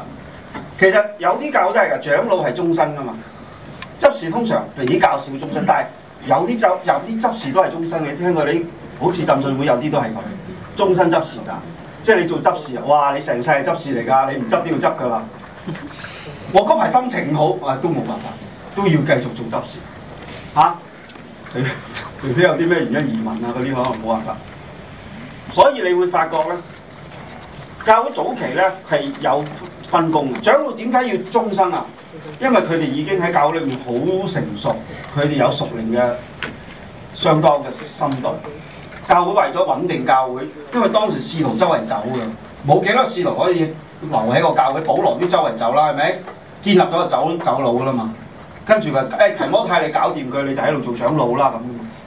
其實有啲教都係㗎，長老係終身㗎嘛。執事通常，譬如啲教士會終身，但係有啲執有啲執事都係終身嘅，聽過你好似浸信會有啲都係咁。終身執事啊！即係你做執事啊！哇！你成世係執事嚟㗎，你唔執都要執㗎啦！嗯、 *laughs* 我嗰排心情唔好啊，都冇辦法，都要繼續做執事嚇。除、啊、非 *laughs* 有啲咩原因移民啊嗰啲可能冇辦法。所以你會發覺咧，教會早期咧係有分工嘅。長老點解要終身啊？因為佢哋已經喺教會裏面好成熟，佢哋有熟練嘅相當嘅深度。教會為咗穩定教會，因為當時使徒周圍走嘅，冇幾多使徒可以留喺個教會。保羅都周圍走啦，係咪？建立咗個走走佬嘅啦嘛。跟住話、就是哎、提摩太你搞掂佢，你就喺度做長老啦咁。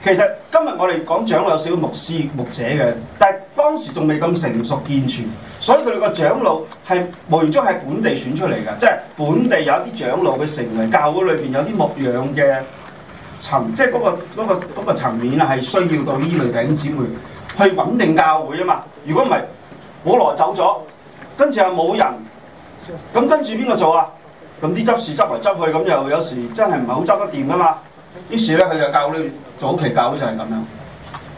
其實今日我哋講長老有少少牧師牧者嘅，但係當時仲未咁成熟健全，所以佢哋個長老係無形中係本地選出嚟嘅，即係本地有一啲長老佢成為教會裏面有啲牧養嘅。層即係嗰個嗰個嗰個層面啊，係需要到呢類弟兄姊妹去穩定教會啊嘛。如果唔係，我來走咗，跟住又冇人，咁跟住邊個做啊？咁啲執事執嚟執去，咁又有時真係唔係好執得掂噶嘛。於是咧，佢就教會早期教會就係咁樣。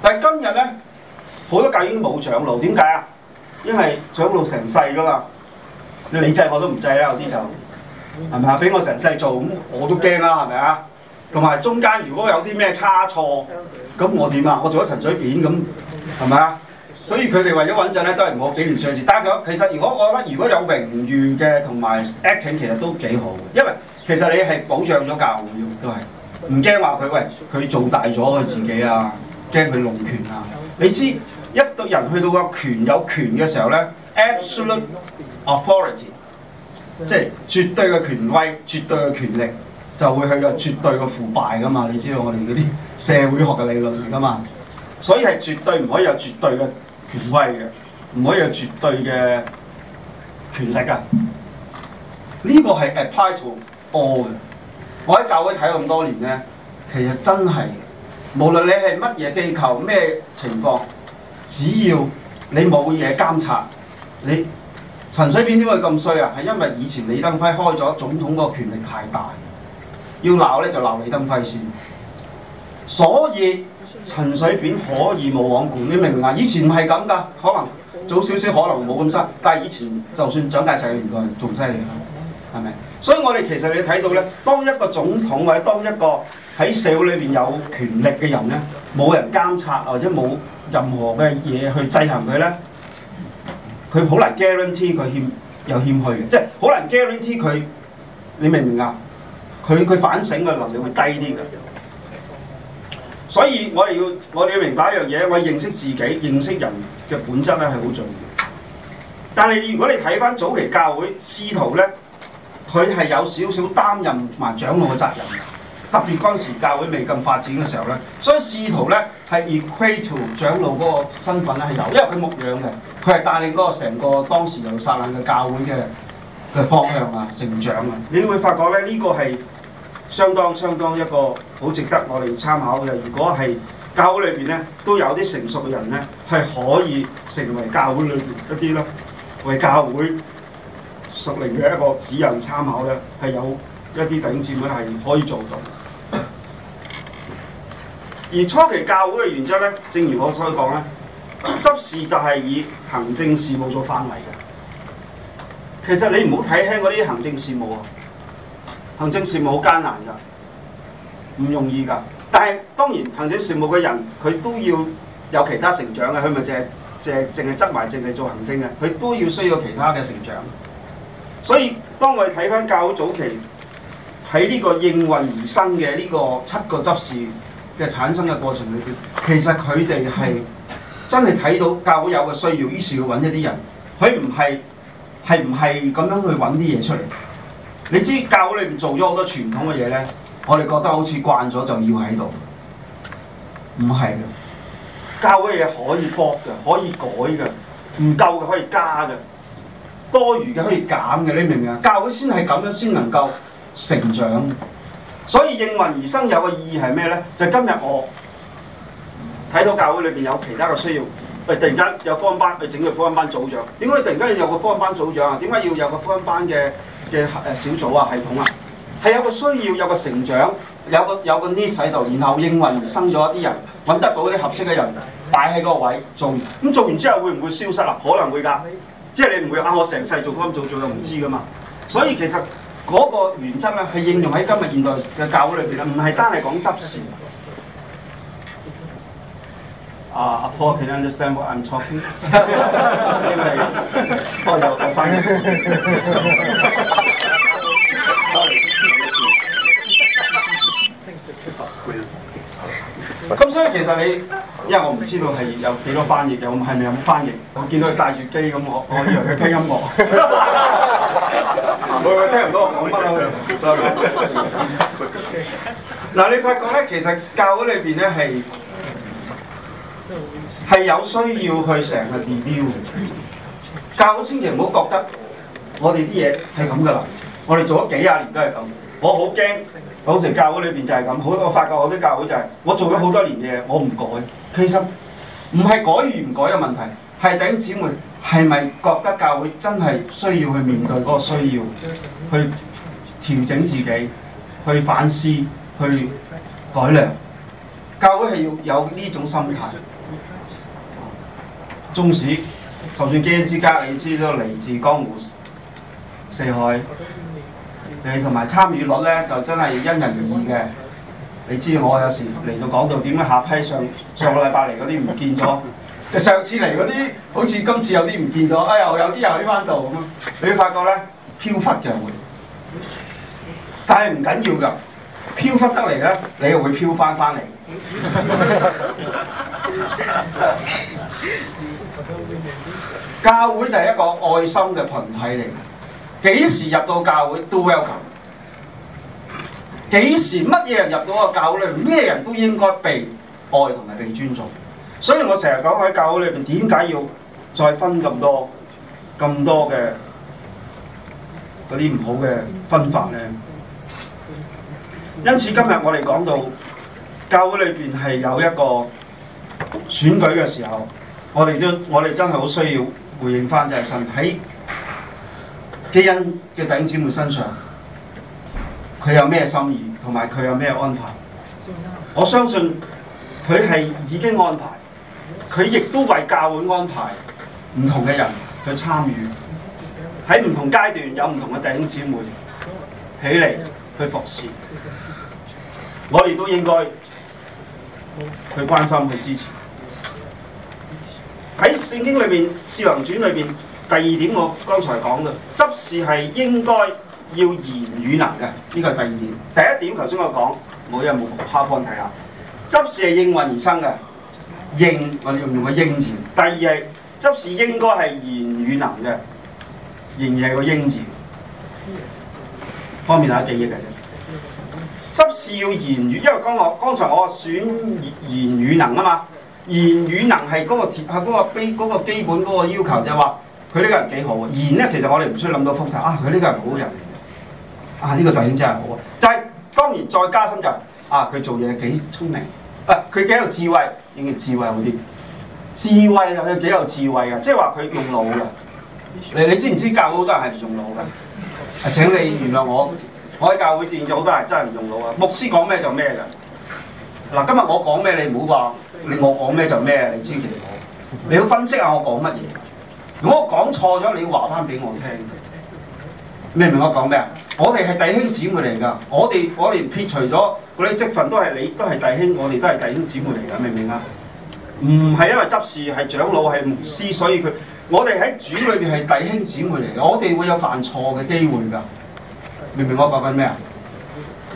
但係今日咧，好多教會已經冇長老，點解啊？因為長老成世噶啦，你制我都唔制啦，有啲就係咪啊？俾我成世做，我都驚啦，係咪啊？同埋中間如果有啲咩差錯，咁我點啊？我做咗陳水扁咁，係咪啊？所以佢哋為咗穩陣咧，都係我幾年上司。但係我其實，如果我覺得如果有榮譽嘅同埋 acting，其實都幾好，因為其實你係保障咗教會都係，唔驚話佢喂佢做大咗佢自己啊，驚佢弄權啊。你知一個人去到個權有權嘅時候咧，absolute authority，即係絕對嘅權威、絕對嘅權力。就會去到絕對嘅腐敗噶嘛，你知道我哋嗰啲社會學嘅理論嚟噶嘛，所以係絕對唔可以有絕對嘅權威嘅，唔可以有絕對嘅權力噶。呢個係 apply to all 嘅。我喺教會睇咁多年咧，其實真係無論你係乜嘢機構、咩情況，只要你冇嘢監察，你陳水扁點解咁衰啊？係因為以前李登輝開咗總統個權力太大。要鬧咧就鬧你都費事，所以陳水扁可以冇王管，你明唔明啊？以前唔係咁噶，可能早少少可能冇咁塞，但係以前就算蔣介石年代仲犀利啦，係咪？所以我哋其實你睇到咧，當一個總統或者當一個喺社會裏面有權力嘅人咧，冇人監察或者冇任何嘅嘢去制衡佢咧，佢好難 guarantee 佢欠有欠去嘅，即係好難 guarantee 佢，你明唔明啊？佢佢反省嘅能力會低啲嘅，所以我哋要我哋要明白一樣嘢，我認識自己、認識人嘅本質咧係好重要。但係如果你睇返早期教會使徒咧，佢係有少少擔任埋長老嘅責任嘅，特別嗰陣時教會未咁發展嘅時候咧，所以使徒咧係 equate 到長老嗰個身份係有，因為佢牧養嘅，佢係帶領嗰個成個當時耶路撒冷嘅教會嘅。嘅方向啊，成長啊，你會發覺咧，呢、這個係相當相當一個好值得我哋參考嘅。如果係教會裏邊咧，都有啲成熟嘅人咧，係可以成為教會裏邊一啲咧，為教會屬靈嘅一個指引參考咧，係有一啲頂尖咧係可以做到。而初期教會嘅原則咧，正如我所講咧，執事就係以行政事務做範圍嘅。其實你唔好睇輕嗰啲行政事務啊，行政事務好艱難㗎，唔容易㗎。但係當然行政事務嘅人佢都要有其他成長啊，佢咪就係就係淨係執埋淨係做行政啊，佢都要需要其他嘅成長。所以當我哋睇翻教會早期喺呢個應運而生嘅呢個七個執事嘅產生嘅過程裏邊，其實佢哋係真係睇到教會有嘅需要，於是要揾一啲人，佢唔係。係唔係咁樣去揾啲嘢出嚟？你知教會裏邊做咗好多傳統嘅嘢咧，我哋覺得好似慣咗就要喺度，唔係嘅。教會嘢可以博嘅，可以改嘅，唔夠嘅可以加嘅，多餘嘅可以減嘅，你明唔明啊？教會先係咁樣先能夠成長。所以應運而生有個意義係咩咧？就係、是、今日我睇到教會裏邊有其他嘅需要。突然間有科班，咪整個科班組長？點解突然間有要有個科班組長啊？點解要有個科班嘅嘅誒小組啊系統啊？係有個需要，有個成長，有個有個 needs 度，然後應運而生咗一啲人，揾得到啲合適嘅人擺喺個位做。咁做，做完之後會唔會消失啊？可能會㗎，即係你唔會啊！我成世做科班組長又唔知㗎嘛。所以其實嗰個原則咧係應用喺今日現代嘅教會裏邊啦，唔係單係講執事。啊！阿婆可以 understand what I'm talking，因為阿婆有翻譯。咁所以其實你，因為我唔知道係有幾多翻譯嘅，我係咪有翻譯？我見到佢戴住機咁，我我以為佢聽音樂。喂喂，聽唔到我講乜啊！sorry。嗱，你發覺咧，其實教會裏邊咧係。係有需要去成日 review 嘅，教會千祈唔好覺得我哋啲嘢係咁噶啦，我哋做咗幾廿年都係咁。我好驚，有時教會裏邊就係咁。好，我發覺我啲教會就係我做咗好多年嘢，我唔改。其實唔係改與唔改嘅問題，係弟兄姊妹係咪覺得教會真係需要去面對嗰個需要，去調整自己，去反思，去改良？教會係要有呢種心態。中史，就算基恩之家，你知都嚟自江湖四海。你同埋參與率咧，就真係因人而異嘅。你知我有時嚟到講到點咧，下批上上個禮拜嚟嗰啲唔見咗，就上次嚟嗰啲，好似今次有啲唔見咗。哎呀，有啲又喺翻度咁啊！你會發覺咧，漂忽嘅會，但係唔緊要㗎，漂忽得嚟咧，你又會漂翻翻嚟。 *laughs* *laughs* 教會就係一個愛心嘅群體嚟，幾時入到教會都 welcome。幾時乜嘢人入到個教會裏邊，咩人都應該被愛同埋被尊重。所以我成日講喺教會裏邊，點解要再分咁多、咁多嘅嗰啲唔好嘅分法咧？因此今日我哋講到教會裏邊係有一個選舉嘅時候。我哋都，我哋真係好需要回應返就係神喺基恩嘅弟兄姊妹身上，佢有咩心意，同埋佢有咩安排。我相信佢係已經安排，佢亦都為教會安排唔同嘅人去參與，喺唔同階段有唔同嘅弟兄姊妹起嚟去服侍，我哋都應該去關心去支持。喺聖經裏面，「使徒行傳》裏面，第二點我剛才講嘅執事係應該要言語能嘅，呢個係第二點。第一點頭先我講，我又冇下翻睇下。執事係應運而生嘅，應我用用個應字。第二係執事應該係言語能嘅，仍然係個應字。方便大、啊、家記憶嘅啫。執事要言語，因為剛我剛才我選言語能啊嘛。言語能係嗰、嗰個設、嗰個、基本嗰個要求就係、係、話，佢呢個人幾好啊！言咧，其實我哋唔需要諗到複雜啊，佢呢個人好人啊，呢、呢個導演真係好啊！就係當然再加深就啊，佢做嘢幾聰明，唔係佢幾有智慧，要智慧好啲，智慧啊，佢幾有智慧啊！即係話佢用腦嘅，你知唔知道教會好多人係唔用腦嘅？啊，請你原諒我，我喺教會見到好多人真係唔用腦啊！牧師講咩就咩嘅。嗱，今日我講咩，你唔好話你我講咩就咩，你千祈唔好。你要分析下我講乜嘢。如果我講錯咗，你要話翻俾我聽。明唔明我講咩啊？我哋係弟兄姊妹嚟㗎，我哋我哋撇除咗嗰啲職分都係你都係弟兄，我哋都係弟兄姊妹嚟㗎，明唔明啊？唔係因為執事係長老係牧師，所以佢我哋喺主裏邊係弟兄姊妹嚟㗎，我哋會有犯錯嘅機會㗎。明唔明我講緊咩啊？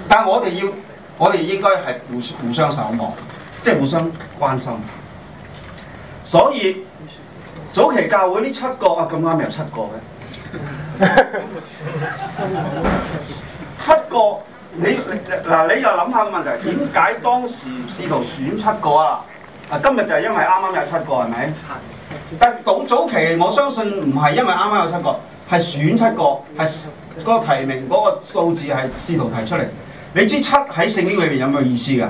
但我哋要。我哋應該係互相守望，即係互相關心。所以早期教會啲七個啊，咁啱有七個嘅。 *laughs* 七個，你又諗下個問題，點解當時試圖選七個啊？今日就係因為啱啱有七個係咪？係。但早期我相信唔係因為啱啱有七個，係選七個，係、嗰個提名嗰、嗰個數字係試圖提出嚟。你知七喺聖經裏邊有咩意思㗎？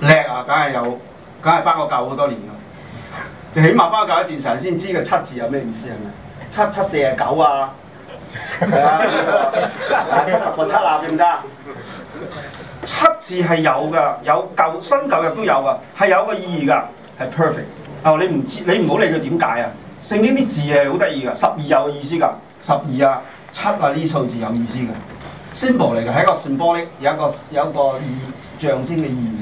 叻啊，梗係有，梗係翻我教好多年㗎。起碼翻教一段時間先知個七字有咩意思係咪？七七四啊九啊，係啊， *laughs* 七十個七啊，得唔得？七,七字係有㗎，有舊新舊嘅都有㗎，係有個意義㗎，係 perfect。哦，你唔知你唔好理佢點解啊。聖經啲字係好得意㗎，十二有意思㗎，十二啊七啊呢啲數字有意思㗎。symbol 嚟嘅係一個碎玻璃，有一個有一個象徵嘅意義，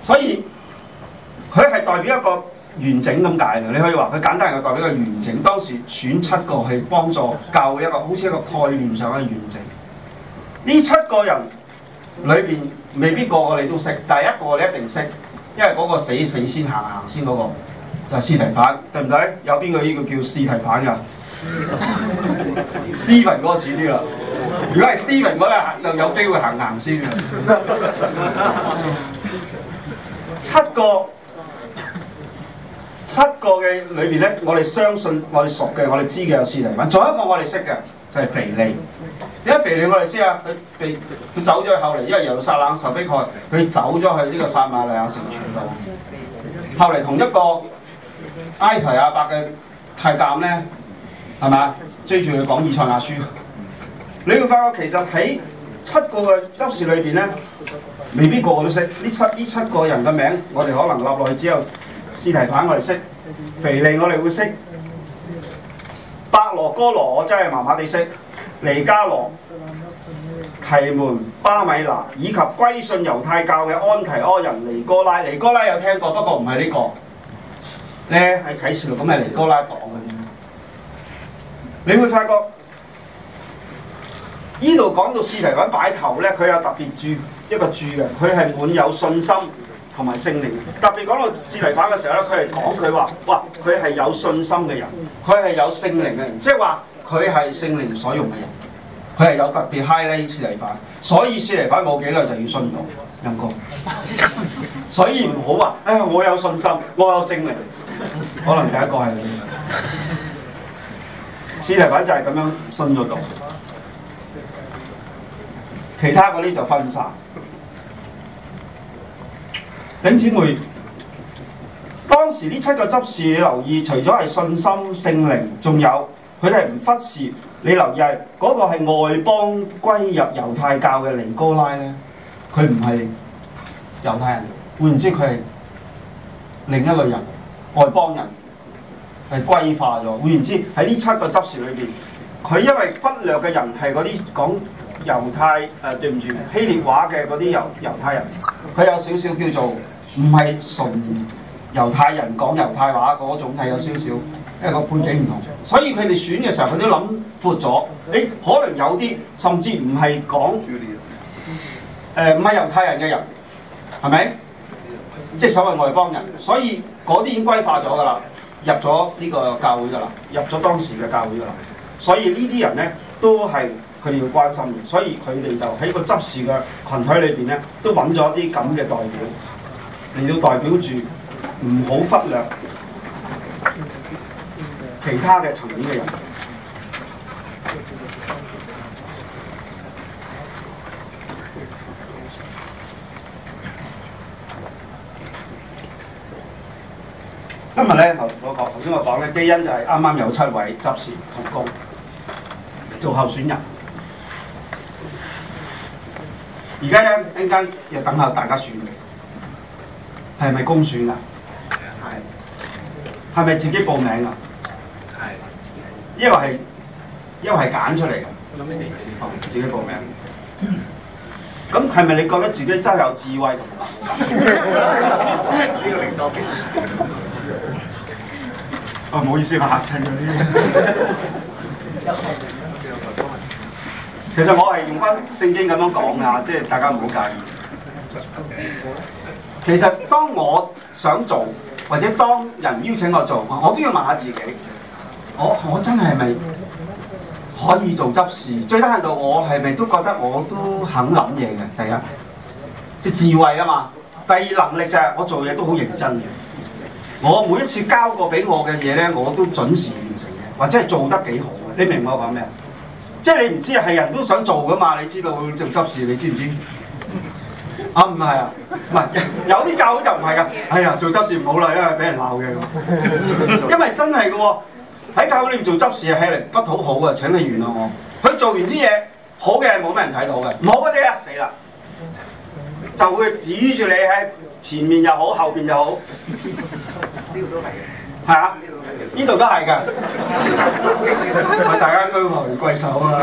所以佢係代表一個完整咁解嘅。你可以話佢簡單係代表一個完整。當時選七個去幫助教一個，好似一個概念上嘅完整。呢七個人裏邊未必個個你都識，但係一個你一定識，因為嗰個死死先行行先嗰、那個就係、是、司提反，對唔對？有邊個呢個叫司提反㗎？Stephen 哥似呢啦。 *laughs* *laughs* 如果係斯文嗰日就有機會行行先，七個七個嘅裏面呢，我哋相信我哋熟嘅，我哋知嘅有斯文。仲有一個我哋識嘅就係、是、腓力。而家腓力我哋知啊，佢被佢走咗去後嚟，因為又殺冷受逼害，佢走咗去呢個撒瑪利亞城傳道。後嚟同一個埃提阿伯嘅太監呢，係嘛追住佢講以賽亞書。你會發覺其實喺七個嘅執事裏面呢，未必個個都會識呢七呢七個人嘅名。我哋可能立落去之後，司提反我哋識，腓利我哋會識，伯羅哥羅我真係麻麻地識，尼嘉羅、提門、巴米拿以及歸信猶太教嘅安提阿、呃、人尼哥拉。尼哥拉有聽過，不過唔係呢個咧係啟示錄，咁、呃、係尼哥拉黨嘅。你會發覺。講呢度講到司提反擺頭咧，佢有特別注一個注嘅，佢係滿有信心同埋聖靈。特別講到司提反嘅時候咧，佢係講佢話：，哇，佢係有信心嘅人，佢係有聖靈嘅人，即係話佢係聖靈所用嘅人，佢係有特別 high 咧。司提反，所以司提反冇幾耐就要信道，陰公，所以唔好話，啊、哎，我有信心，我有聖靈，可能第一個係你。司提反就係咁樣信咗道。其他嗰啲就分散。兩姐妹，當時呢七個執事，你留意，除咗係信心、聖靈，仲有佢哋係唔忽視。你留意係嗰個係外邦歸入猶太教嘅尼哥拉咧，佢唔係猶太人，換言之，佢係另一類人，外邦人係歸化咗。換言之，喺呢七個執事裏邊，佢因為忽略嘅人係嗰啲講。猶太誒、呃，對唔住，希臘話嘅嗰啲猶猶太人，佢有少少叫做唔係純猶太人講猶太話嗰種，係有少少，因為個背景唔同，所以佢哋選嘅時候，佢都諗闊咗，你可能有啲甚至唔係講，誒唔係猶太人嘅人，係咪？即係所謂外邦人，所以嗰啲已經歸化咗㗎啦，入咗呢個教會㗎啦，入咗當時嘅教會㗎啦，所以呢啲人咧都係。佢要關心，所以佢哋就喺個執事嘅群體裏邊咧，都揾咗啲咁嘅代表嚟到代表住，唔好忽略其他嘅層面嘅人。今日咧，剛剛我頭先我講咧，基恩就係啱啱有七位執事同工做候選人。而家一間又等下大家選，係咪公選啊？係，係咪自己報名啊？係，因為係因為係揀出嚟嘅。做咩你自己報名？咁係咪你覺得自己真係有智慧同？呢個零級哦，唔好意思，我嚇親咗啲。 *laughs* 其實我係用翻聖經咁樣講㗎，即係大家唔好介意。其實當我想做，或者當人邀請我做，我都要問下自己：我我真係咪可以做執事？最低限度我係咪都覺得我都肯諗嘢嘅？第一，啲、即係、智慧啊嘛。第二能力就係我做嘢都好認真嘅。我每一次交過俾我嘅嘢咧，我都準時完成嘅，或者係做得幾好嘅。你明唔明我講咩？即係你唔知係人都想做噶嘛，你知道做執事你知唔知？啊唔係啊，唔係、啊、有啲教會就唔係噶，哎呀，做執事唔好啦，因為俾人鬧嘅。 *laughs* 因為真係㗎喎，喺教會裏面做執事係嚟不討好嘅，請你原諒我。佢做完啲嘢好嘅，冇咩人睇到嘅，冇嗰啲啊死啦，就會指住你，喺前面又好，後面又好。呢 *laughs* 個都係嘅，係啊。呢度都係噶， *laughs* 係咪大家高抬貴手啊！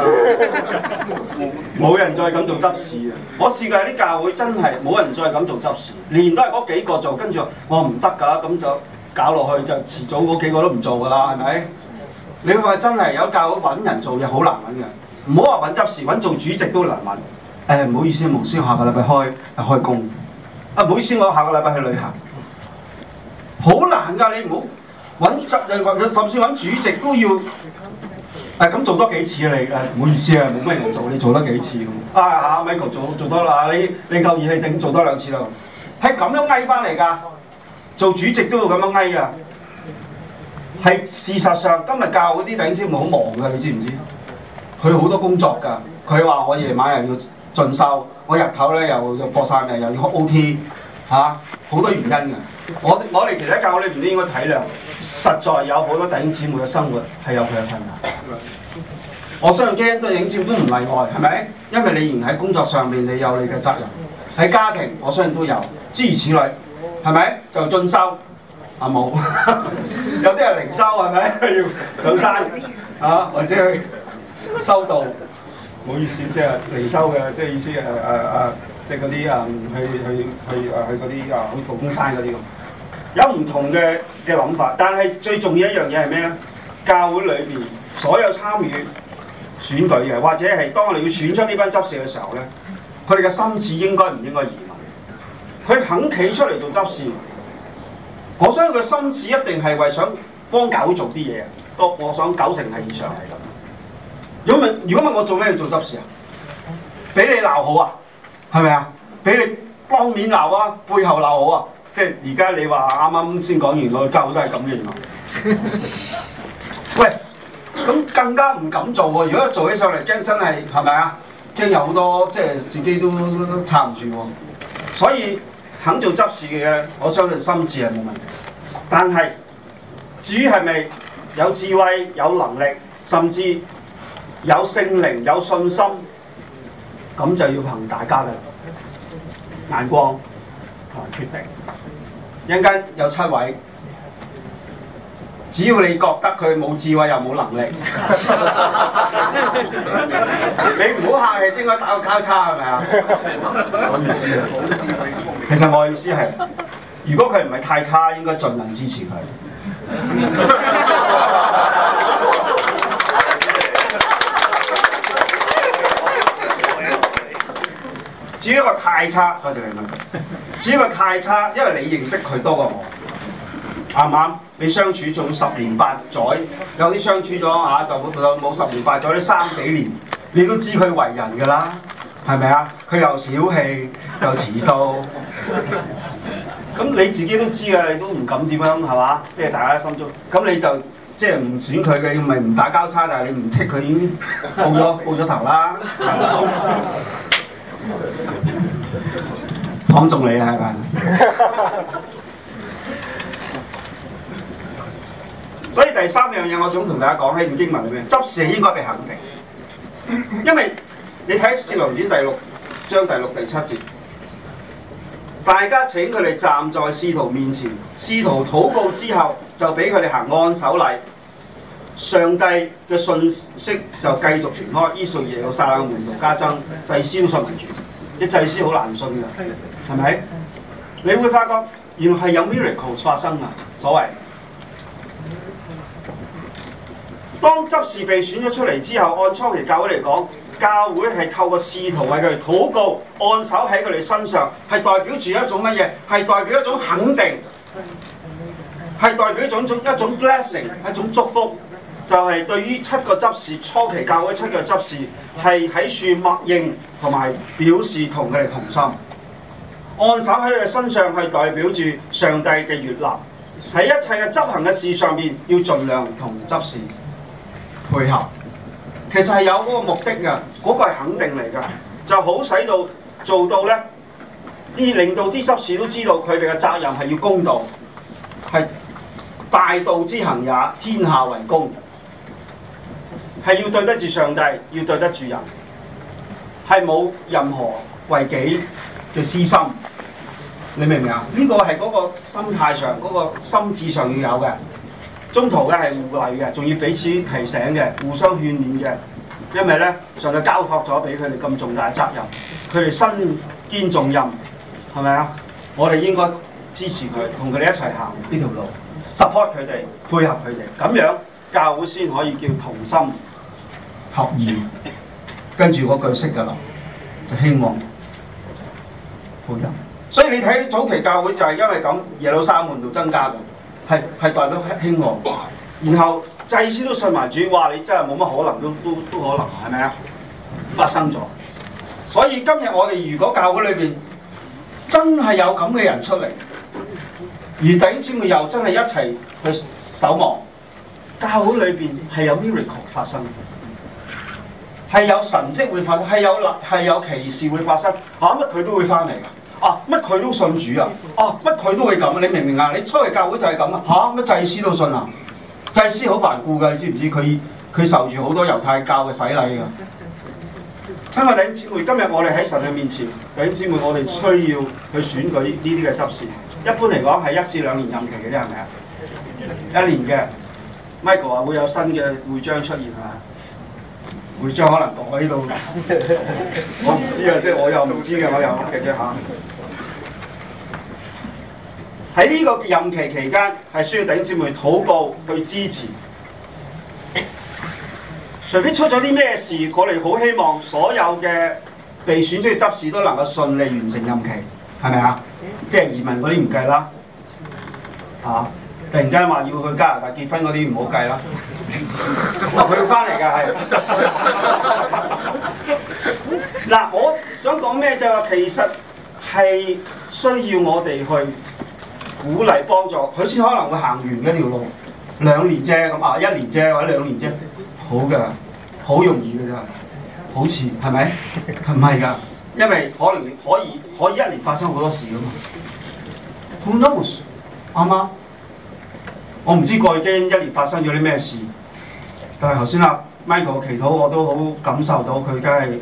冇 *laughs* *laughs* 人再咁做執事啊！我試過啲教會真係冇人再咁做執事，連都係嗰幾個做，跟住話我唔得㗎，咁就搞落去就遲早嗰幾個都唔做㗎啦，係咪？ *laughs* 你話真係有教會揾人做嘢好難揾嘅，唔好話揾執事，揾做主席都難揾。誒唔好意思啊，無師下個禮拜開開工。啊，唔好意思，我下個禮拜、哎、去旅行，好難㗎，你唔好。揾執人或甚至揾主席都要，誒、哎、咁做多幾次啊你？唔好意思啊，冇咩人做，你做多幾次咁，啊？啊 m i c 嚇，Michael 做做多啦你，你夠義氣定做多兩次啦？喺咁樣嗌翻嚟㗎，做主席都要咁樣嗌啊！係事實上，今日教嗰啲頂尖們唔係好忙㗎，你知唔知？佢好多工作㗎，佢話我夜晚又要進修，我日頭咧又要搏晒命，又要 O T 嚇，好、啊、多原因㗎。我、我哋其他教員都應該體諒。實在有好多弟兄姊妹嘅生活係有佢嘅困難，我相信基督徒影照都唔例外，係咪？因為你仍然喺工作上面，你有你嘅責任；喺家庭，我相信都有，諸如此類，係咪？就進修，阿、啊、冇。有啲係 *laughs* 靈修，係咪？要上山啊，或者去修道。唔好意思，即、就、係、是、靈修嘅，即、就、係、是、意思係啊啊，即係啲啊、就是嗯、去去去啊去啲啊去做登山啲咁。有唔同嘅嘅諗法，但係最重要的一樣嘢係咩咧？教會裏面所有參與選舉嘅，或者係當我哋要選出呢班執事嘅時候呢，佢哋嘅心志應該唔應該移民。佢肯企出嚟做執事，我相信佢嘅心志一定係為想幫教會做啲嘢。我我想九成係以上係咁。如果問如果問我做咩要做執事啊？俾你鬧好啊？係咪啊？俾你當面鬧啊，背後鬧好啊？即係而家你話啱啱先講完嗰個交都係咁嘅樣，喂，咁更加唔敢做喎！如果做起上嚟，驚真係係咪啊？驚有好多即係自己都撐唔住喎。所以肯做執事嘅，我相信心志係冇問題。但係至於係咪有智慧、有能力，甚至有聖靈、有信心，咁就要憑大家嘅眼光同埋決定。一陣間有七位，只要你覺得佢冇智慧又冇能力， *laughs* 你唔好客氣，應該打個交叉係咪啊？唔好意思，其實我意思係，如果佢唔係太差，應該盡量支持佢。 *laughs* 至於一個太差，多謝你。只不過太差，因為你認識佢多過我，啱唔啱？你相處仲十年八載，有啲相處咗吓、啊，就冇十年八載，啲三幾年，你都知佢為人噶啦，係咪啊？佢又小氣，又遲到，咁 *laughs* 你自己都知噶，你都唔敢點樣係嘛？即係、即係、大家心中，咁你就即係唔選佢嘅，咪唔打交叉，但係你唔剔佢，已經報咗報咗仇啦。 *laughs* 講中你啦，係咪？所以第三樣嘢，我想同大家講咧，用經文咁樣，執事應該被肯定，因為你睇《士路書》第六章第六第七節，大家請佢哋站在司徒面前，司徒禱告之後，就俾佢哋行按手禮，上帝嘅信息就繼續傳開。依信耶路撒冷門徒加增，祭司都信唔住，啲祭司好難信嘅。係咪？你會發覺原來係有 miracle 發生啊！所謂當執事被選咗出嚟之後，按初期教會嚟講，教會係透過使徒為佢哋禱告，按手喺佢哋身上，係代表住一種乜嘢？係代表一種肯定，係代表一種一種 blessing，一種祝福。就係、是、對於七個執事初期教會七個執事係喺度默認同埋表示同佢哋同心。按手喺佢身上去代表住上帝嘅悅納，喺一切嘅執行嘅事上面，要盡量同執事配合，其實，係有嗰個目的嘅，嗰、嗰個係肯定嚟嘅，就好使到做到咧，而令到啲執事都知道佢哋嘅責任係要公道，係大道之行也，天下為公，係要對得住上帝，要對得住人，係冇任何為己嘅私心。你明唔明啊？呢、這個係嗰個心態上、嗰、那個心智上要有嘅。中途嘅係互勵嘅，仲要彼此提醒嘅，互相勵勉嘅。因為咧，上帝交託咗俾佢哋咁重大責任，佢哋身肩重任，係咪啊？我哋應該支持佢，同佢哋一齊行呢條路，support 佢哋，配合佢哋，咁樣教會先可以叫同心合意。跟住嗰句識噶啦，就希望福音。所以你睇早期教會就係因為咁，耶路撒冷度增加嘅，係代表興旺。然後祭司都信埋主，哇！你真係冇乜可能都，都可能係咪？發生咗。所以今日我哋如果教會裏面真係有咁嘅人出嚟，而弟兄們又真係一齊去守望，教會裏面係有 miracle 發生的，係有神蹟會發生，係有係有奇事會發生。嚇，乜佢都會翻嚟哦，乜佢、啊、都信主啊！哦、啊，乜佢都會咁啊！你明唔明啊？你出去教會就係咁啊！嚇、啊，乜祭司都信啊！祭司好凡固嘅頑固，你知唔知？佢佢受住好多猶太教嘅洗禮㗎、啊。親愛嘅弟兄姊妹，今日我哋喺神嘅面前，弟兄姊妹，我哋需要去選舉呢啲嘅執事。一般嚟講係一至兩年任期嘅啫，係咪啊？一年嘅。Michael 話會有新嘅會章出現係咪？會章可能改到度㗎，我唔知啊，即係我又唔知嘅，我又嘅啫嚇。喺呢個任期期間，係需要弟兄姊妹禱告去支持。除非出咗啲咩事，我哋好希望所有嘅被選出去執事都能夠順利完成任期，係咪啊？嗯、即係移民嗰啲唔計啦，嚇、啊！突然之間話要去加拿大結婚嗰啲唔好計啦。佢要翻嚟㗎係。嗱、 *laughs* *laughs* 啊 *laughs* 嗯，我想講咩就係、是、其實係需要我哋去。鼓勵幫助佢先可能會行完一條路，兩年啫咁啊，一年啫或者兩年啫，好嘅，好容易嘅啫，好似係咪？佢唔係㗎，因為可能可以，可以一年發生好多事㗎嘛。Who k 啱啱？我唔知蓋經一年發生咗啲咩事，但係頭先啊 Michael 祈禱，我都好感受到佢家係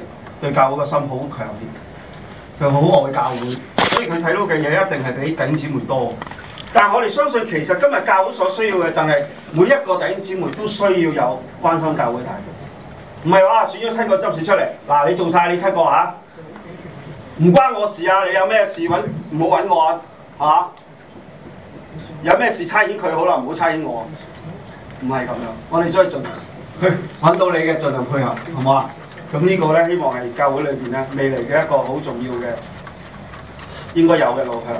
對教會嘅心好強烈，佢好愛教會。佢睇到嘅嘢一定係比弟兄姊妹多，但係我哋相信其實今日教會所需要嘅，就係每一個弟兄姊妹都需要有關心教會嘅。唔係話選咗七個執事出嚟，嗱你做晒，你七個嚇，唔、啊、關我事啊！你有咩事揾唔好揾我啊嚇、啊！有咩事差遣佢好啦，唔好差遣我、啊。唔係咁樣，我哋將盡揾到你嘅盡量配合，好唔好啊？咁呢個咧，希望係教會裏邊咧未來嘅一個好重要嘅。應該有嘅路向，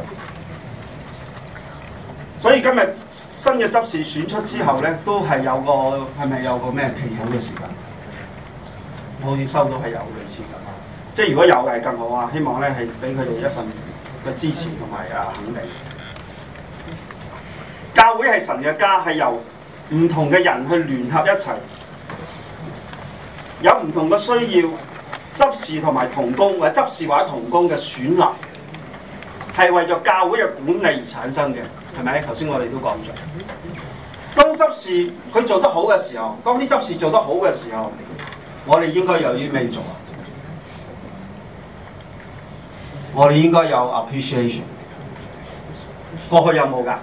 所以今日新嘅執事選出之後呢，都係有個係咪有個咩平衡嘅時間？我好似收到係有類似咁啊，即如果有係更好啊！希望呢係俾佢哋一份嘅支持同埋肯定。教會係神嘅家，係由唔同嘅人去聯合一齊，有唔同嘅需要，執事同埋同工，或執事或者同工嘅選立，係為咗教會嘅管理而產生嘅，係咪？頭先我哋都講咗，當執事佢做得好嘅時候，當啲執事做得好嘅時候，我哋應該有啲咩做啊？我哋應該有 appreciation。過去有冇㗎？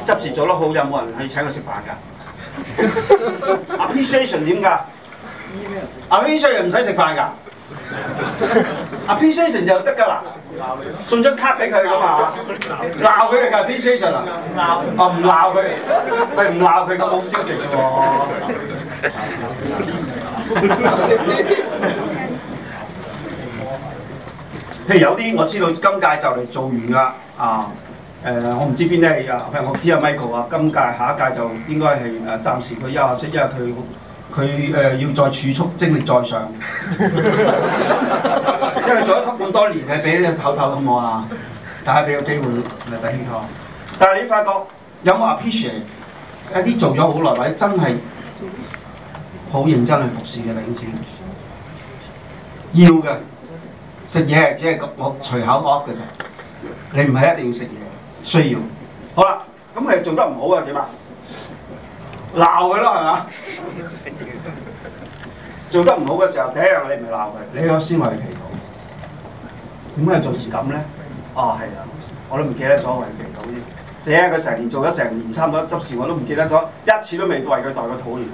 啲執事做得好有冇人去請佢食飯㗎 *laughs* ？appreciation 點㗎 *laughs* ？appreciation 又唔使食飯㗎 *laughs* ？appreciation 就得㗎啦。送，送張卡俾佢咁嘛？鬧佢嘅就係 p r e 啊！唔鬧佢，唔鬧佢咁好積極喎。譬 *laughs* *laughs* 如有啲我知道今屆就嚟做完啦啊！誒、呃、我唔知邊啲啊，譬如我知阿 Michael 啊，今屆下一屆就應該係誒暫時佢休息，因為佢佢誒要再儲蓄精力再上。 *laughs* 因為做咗咁多年，你俾你唞唞好冇啊？大家俾個機會嚟體驗下。但係你發覺有冇 appreciate？一啲做咗好耐位，或者真係好認真去服侍嘅領錢，要嘅食嘢只係咁我隨口噏嘅啫。你唔係一定要食嘢，需要。好啦，咁你做得唔好啊？點啊？鬧佢咯，係嘛？ *laughs* 做得唔好嘅時候，第一樣你唔係鬧佢，你有先維持。點解做事咁呢？哦、啊，係啊，我都唔記得咗為佢祈禱死啊！佢成年做咗成年，差唔多執事，我都唔記得咗一次都未為佢代佢禱念。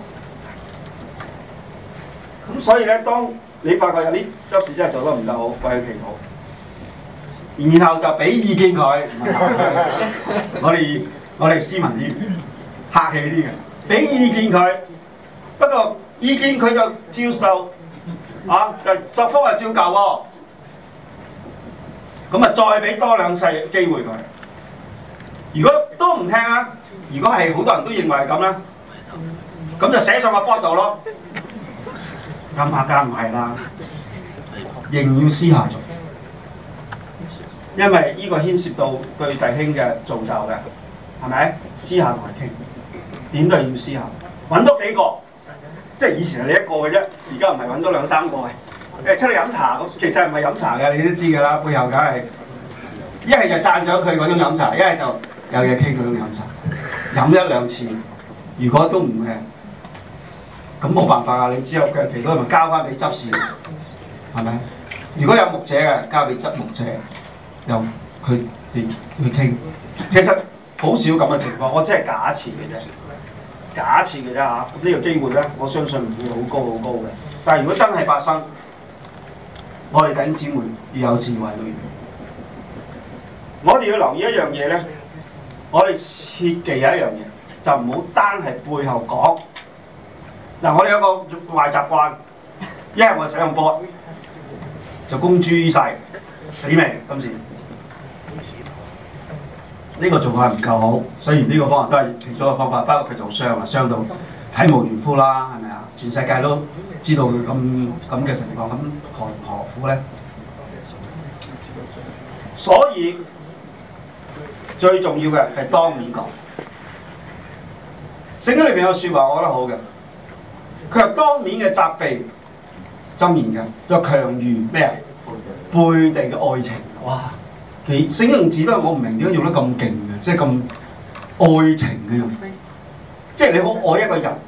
咁所以呢，當你發覺有啲執事真係做得唔夠好，為佢祈禱，然後就俾意見佢 *laughs* *laughs* 。我哋我哋斯文啲，客氣啲嘅，俾意見佢。不過意見佢就照受，啊，就作風照舊喎。咁啊，再俾多兩世機會佢。如果都唔聽啊，如果係好多人都認為係咁啦，咁就寫上個 board 度咯。暗黑家唔係啦，仍然私下做，因為依個牽涉到對弟兄嘅造就嘅，係咪？私下同佢傾，點都要私下。揾多幾個，即以前係你一個嘅啫，而家唔係，揾多兩三個。誒出嚟飲茶咁，其實唔係飲茶嘅，你都知㗎啦。背後梗係一係就讚賞佢嗰種飲茶，一係就有嘢傾嗰種飲茶。飲一兩次，如果都唔係，咁冇辦法啊！你只有嘅，其他咪交翻俾執事，係咪？如果有牧者嘅，交俾執牧者，由佢哋去傾。其實好少咁嘅情況，我只係假設嘅啫，假設嘅啫吓？咁呢個機會咧，我相信唔會好高好高嘅。但係如果真係發生，我哋弟兄姊妹要有智慧，我哋要留意一樣嘢咧，我哋切忌有一樣嘢，就唔好單係背後講。嗱，我哋有個壞習慣，一係我哋使用波，就公諸於世，死命。今次呢個做法唔夠好，雖然呢個方法都係其中嘅方法，包括佢做傷啊，傷到體無完膚啦，係咪啊？全世界都。知道佢咁咁嘅情況，咁何何苦咧？所以最重要嘅係當面講。聖經裏邊有説話，我覺得好嘅，佢係當面嘅責備、箴言嘅，就強如咩啊？背地嘅愛情。哇！其形容詞都係我唔明點解用得咁勁嘅，即係咁愛情嘅用，即係你好愛一個人。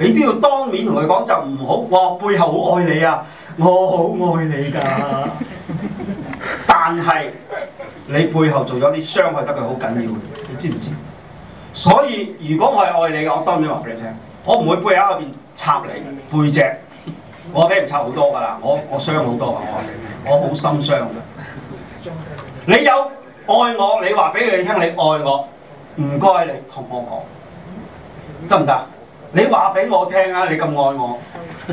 你都要當面同佢講就唔好，話背後好愛你啊，我好愛你㗎。但係你背後做咗啲傷害得佢好緊要嘅，你知唔知？所以如果我係愛你嘅，我當面話俾你聽，我唔會背後喺入邊插你背脊，我俾人插好多㗎啦，我我傷好多㗎我，我好心傷㗎。你有愛我，你話俾佢哋聽，你愛我，唔該你同我講，得唔得？你話俾我聽啊！你咁愛我，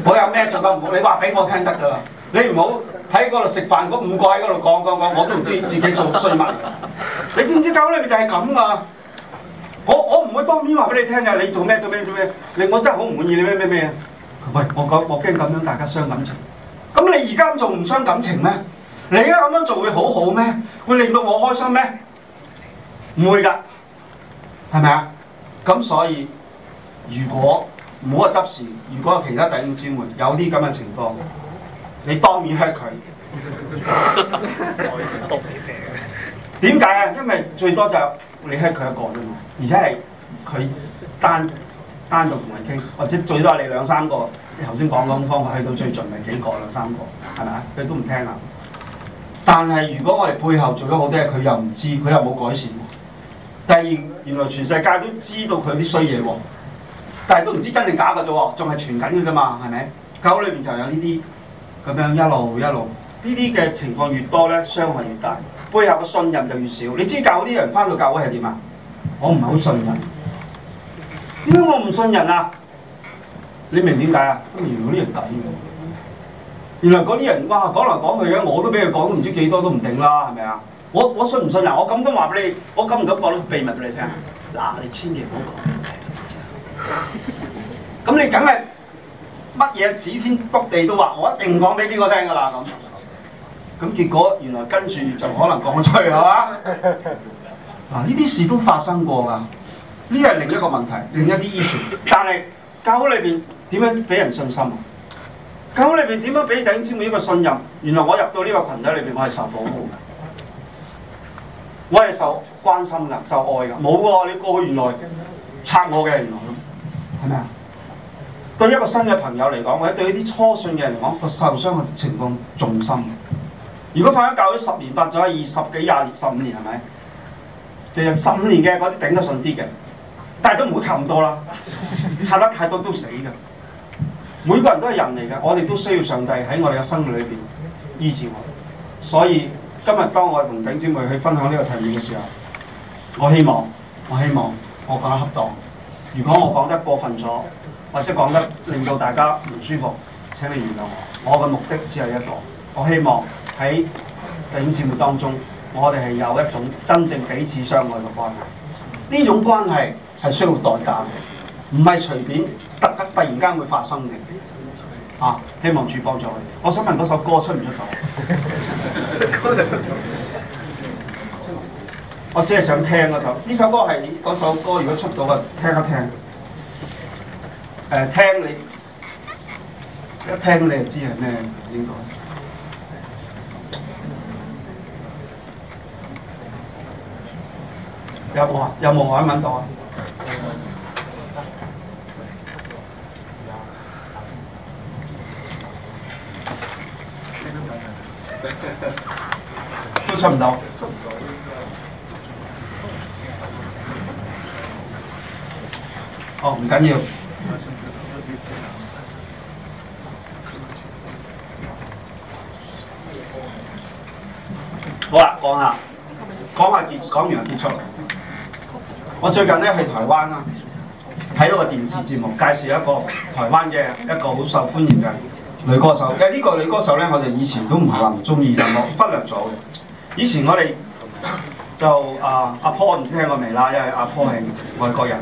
我有咩做得唔好？你話俾我聽得噶啦！你唔好喺嗰度食飯，嗰五個喺嗰度講講講，我都唔知自己做衰乜？你知唔知教會裏面就係咁噶？我我唔會當面話俾你聽呀！你做咩做咩做咩？你我真係好唔滿意你咩咩咩啊！喂，我講我驚咁樣大家傷感情。咁你而家咁做唔傷感情咩？你而家咁樣做會好好咩？會令到我開心咩？唔會㗎，係咪啊？咁所以。如果唔好話執事，如果有其他第五專門有啲咁嘅情況，你當面吃佢，點解啊？因為最多就係你吃佢一個啫嘛，而且係佢單單獨同你傾，或者最多係你兩三個，你頭先講嗰種方法去到最盡咪幾個兩三個，係咪啊？佢都唔聽啊！但係如果我哋背後做咗好多嘢，佢又唔知，佢又冇改善。第二，原來全世界都知道佢啲衰嘢喎。但係都唔知真定假嘅啫喎，仲係傳緊嘅啫嘛，係咪？教會裏面就有呢啲咁樣一路一路呢啲嘅情況越多咧，傷害越大，背後嘅信任就越少。你知教嗰啲人翻到教會係點啊？我唔係好信任。點解我唔信任啊？你明唔明點解啊？因為嗰啲人假嘅。原來嗰啲人哇，講嚟講去嘅，我都俾佢講，都唔知幾多都唔定啦，係咪啊？我我信唔信任？我敢唔敢話俾你？我敢唔敢講啲秘密俾你聽？嗱，你千祈唔好講。咁你梗係乜嘢指天割地都話，我一定唔講俾邊個聽噶啦咁。咁結果原來跟住就可能講出係嘛？啊，呢啲事都發生過噶。呢係另一個問題，另一啲議題。 *laughs* 但係教會裏邊點樣俾人信心啊？教會裏邊點樣俾弟兄姊妹一個信任？原來我入到呢個群體裏邊，我係受保護嘅，我係受關心噶，受愛噶。冇噶、啊，你過去原來拆我嘅原來。係咪啊？對一個新嘅朋友嚟講，或者對呢啲初信嘅人嚟講，個受傷嘅情況重深。如果放咗教會十年、八載、二十幾、廿年、十五年，係咪？其實十五年嘅嗰啲頂得順啲嘅，但係都唔好插唔多啦。插得太多都死嘅。每個人都係人嚟嘅，我哋都需要上帝喺我哋嘅生命裏邊醫治我。所以今日當我同頂姊妹去分享呢個題目嘅時候，我希望，我希望我覺得恰當。如果我講得過分咗，或者講得令到大家唔舒服，請你原諒我。我嘅目的只係一個，我希望喺節目當中，我哋係有一種真正彼此相愛嘅關係。呢種關係係需要代價嘅，唔係隨便突突然間會發生嘅。啊，希望主幫助你。我想問嗰首歌出唔出嚟？歌就出我只係想聽嗰首，呢首歌係嗰首歌。如果出到嘅，聽一聽。誒，聽你，一聽你就知係咩應該？有冇？有冇揾揾到啊？都出唔到。唔緊要，好啦，講下，講下結，講完就結束。我最近咧喺台灣啊，睇到個電視節目，介紹一個台灣嘅一個好受歡迎嘅女歌手。因為呢個女歌手咧，我哋以前都唔係話唔中意，但我忽略咗嘅。以前我哋就，啊阿 Paul 唔知聽過未啦，因為阿 Paul 係外國人。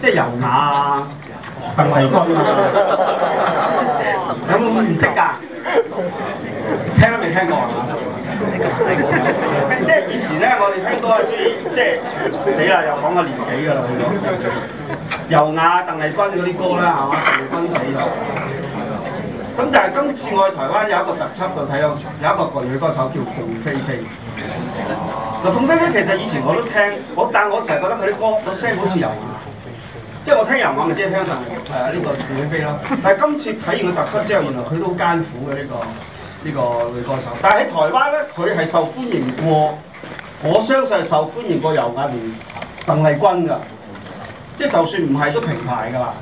即係尤雅啊，鄧麗君啊， *laughs* 有冇唔識噶？ *laughs* 聽都未聽過係嘛？ *laughs* 即係以前咧，我哋聽歌係中意，即係死啦，又講個年紀噶啦，我講尤雅鄧麗君嗰啲歌啦，係嘛？鄧麗君死咗。咁就係今次我去台灣有一個特輯度睇到，有一個國語歌手叫鳳飛飛。嗱，鳳飛飛其實以前我都聽，我但我成日覺得佢啲歌首聲好似尤。即係我聽人講，咪即係聽就係啊呢個杜鵑飛咯。這個、 *laughs* 但係今次體驗嘅特輯之後，原來佢都好艱苦嘅呢、這個呢、這個女歌手。但係喺台灣咧，佢係受歡迎過，我相信係受歡迎過由阿連鄧麗君噶。即係就算唔係都平排㗎啦。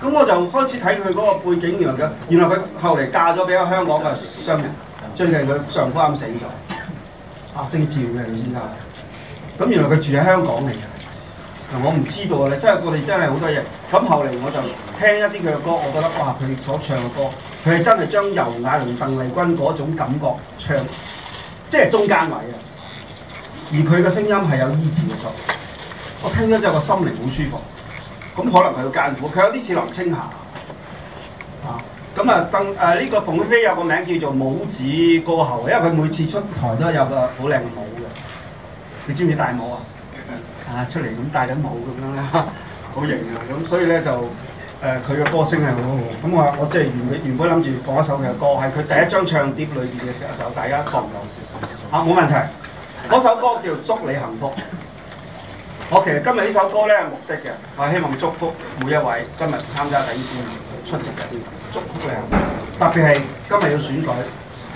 咁我就開始睇佢嗰個背景，原來嘅 *laughs* 原來佢後嚟嫁咗俾個香港嘅商人，最近佢上關死咗，阿姓趙嘅佢先生。咁原來佢住喺香港嚟嘅。嗱、嗯，我唔知道啦，真係我哋真係好多嘢。咁後嚟我就聽一啲佢嘅歌，我覺得哇，佢所唱嘅歌，佢係真係將尤雅同鄧麗君嗰種感覺唱，即係中間位啊。而佢嘅聲音係有醫治嘅作用，我聽咗之後個心靈好舒服。咁可能佢個艱苦，佢有啲似林青霞啊。咁、嗯、啊，鄧誒呢個鳳飛飛有個名叫做帽子歌后，因為佢每次出台都有個好靚嘅帽嘅。你中唔中意戴帽啊？啊！出嚟咁戴緊帽咁樣咧，好型啊！咁所以咧就誒，佢、呃、嘅歌聲係好好。咁、嗯、我我即係原，原本原本諗住放一首嘅歌喺佢第一張唱碟裏邊嘅一首，大家放唔放？啊，冇問題。嗰首歌叫《祝你幸福》。我其實今日呢首歌咧，目的嘅我希望祝福每一位今日參加第體線出席嘅，祝福你福。特別係今日要選舉，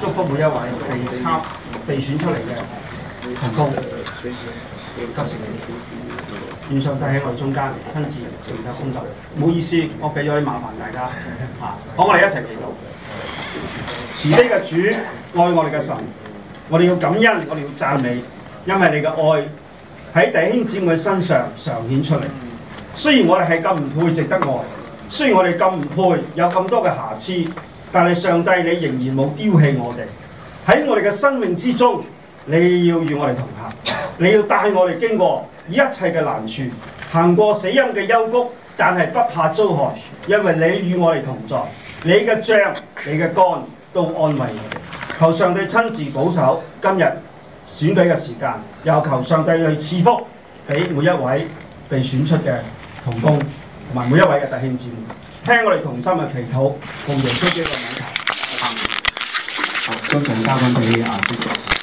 祝福每一位被抄被選出嚟嘅同工。要急成你，願上帝喺我哋中間，親自承接工作。唔好意思，我俾咗啲麻煩大家嚇。 *laughs* 好我哋一齊祈禱。慈悲嘅主愛我哋嘅神，我哋要感恩，我哋要讚美，因為你嘅愛喺弟兄姊妹身上常顯出嚟。雖然我哋係咁唔配值得愛，雖然我哋咁唔配有咁多嘅瑕疵，但係上帝你仍然冇丟棄我哋喺我哋嘅生命之中。你要與我哋同行，你要帶我哋經過一切嘅難處，行過死蔭嘅幽谷，但係不怕遭害，因為你與我哋同在。你嘅杖，你嘅竿都安慰我哋。求上帝親自保守今日選舉嘅時間，又求上帝去賜福俾每一位被選出嘅同工同埋每一位嘅弟兄姊妹。聽我哋同心嘅祈禱，奉耶穌基督嘅名求，阿們。好，非常嘉賓，謝謝。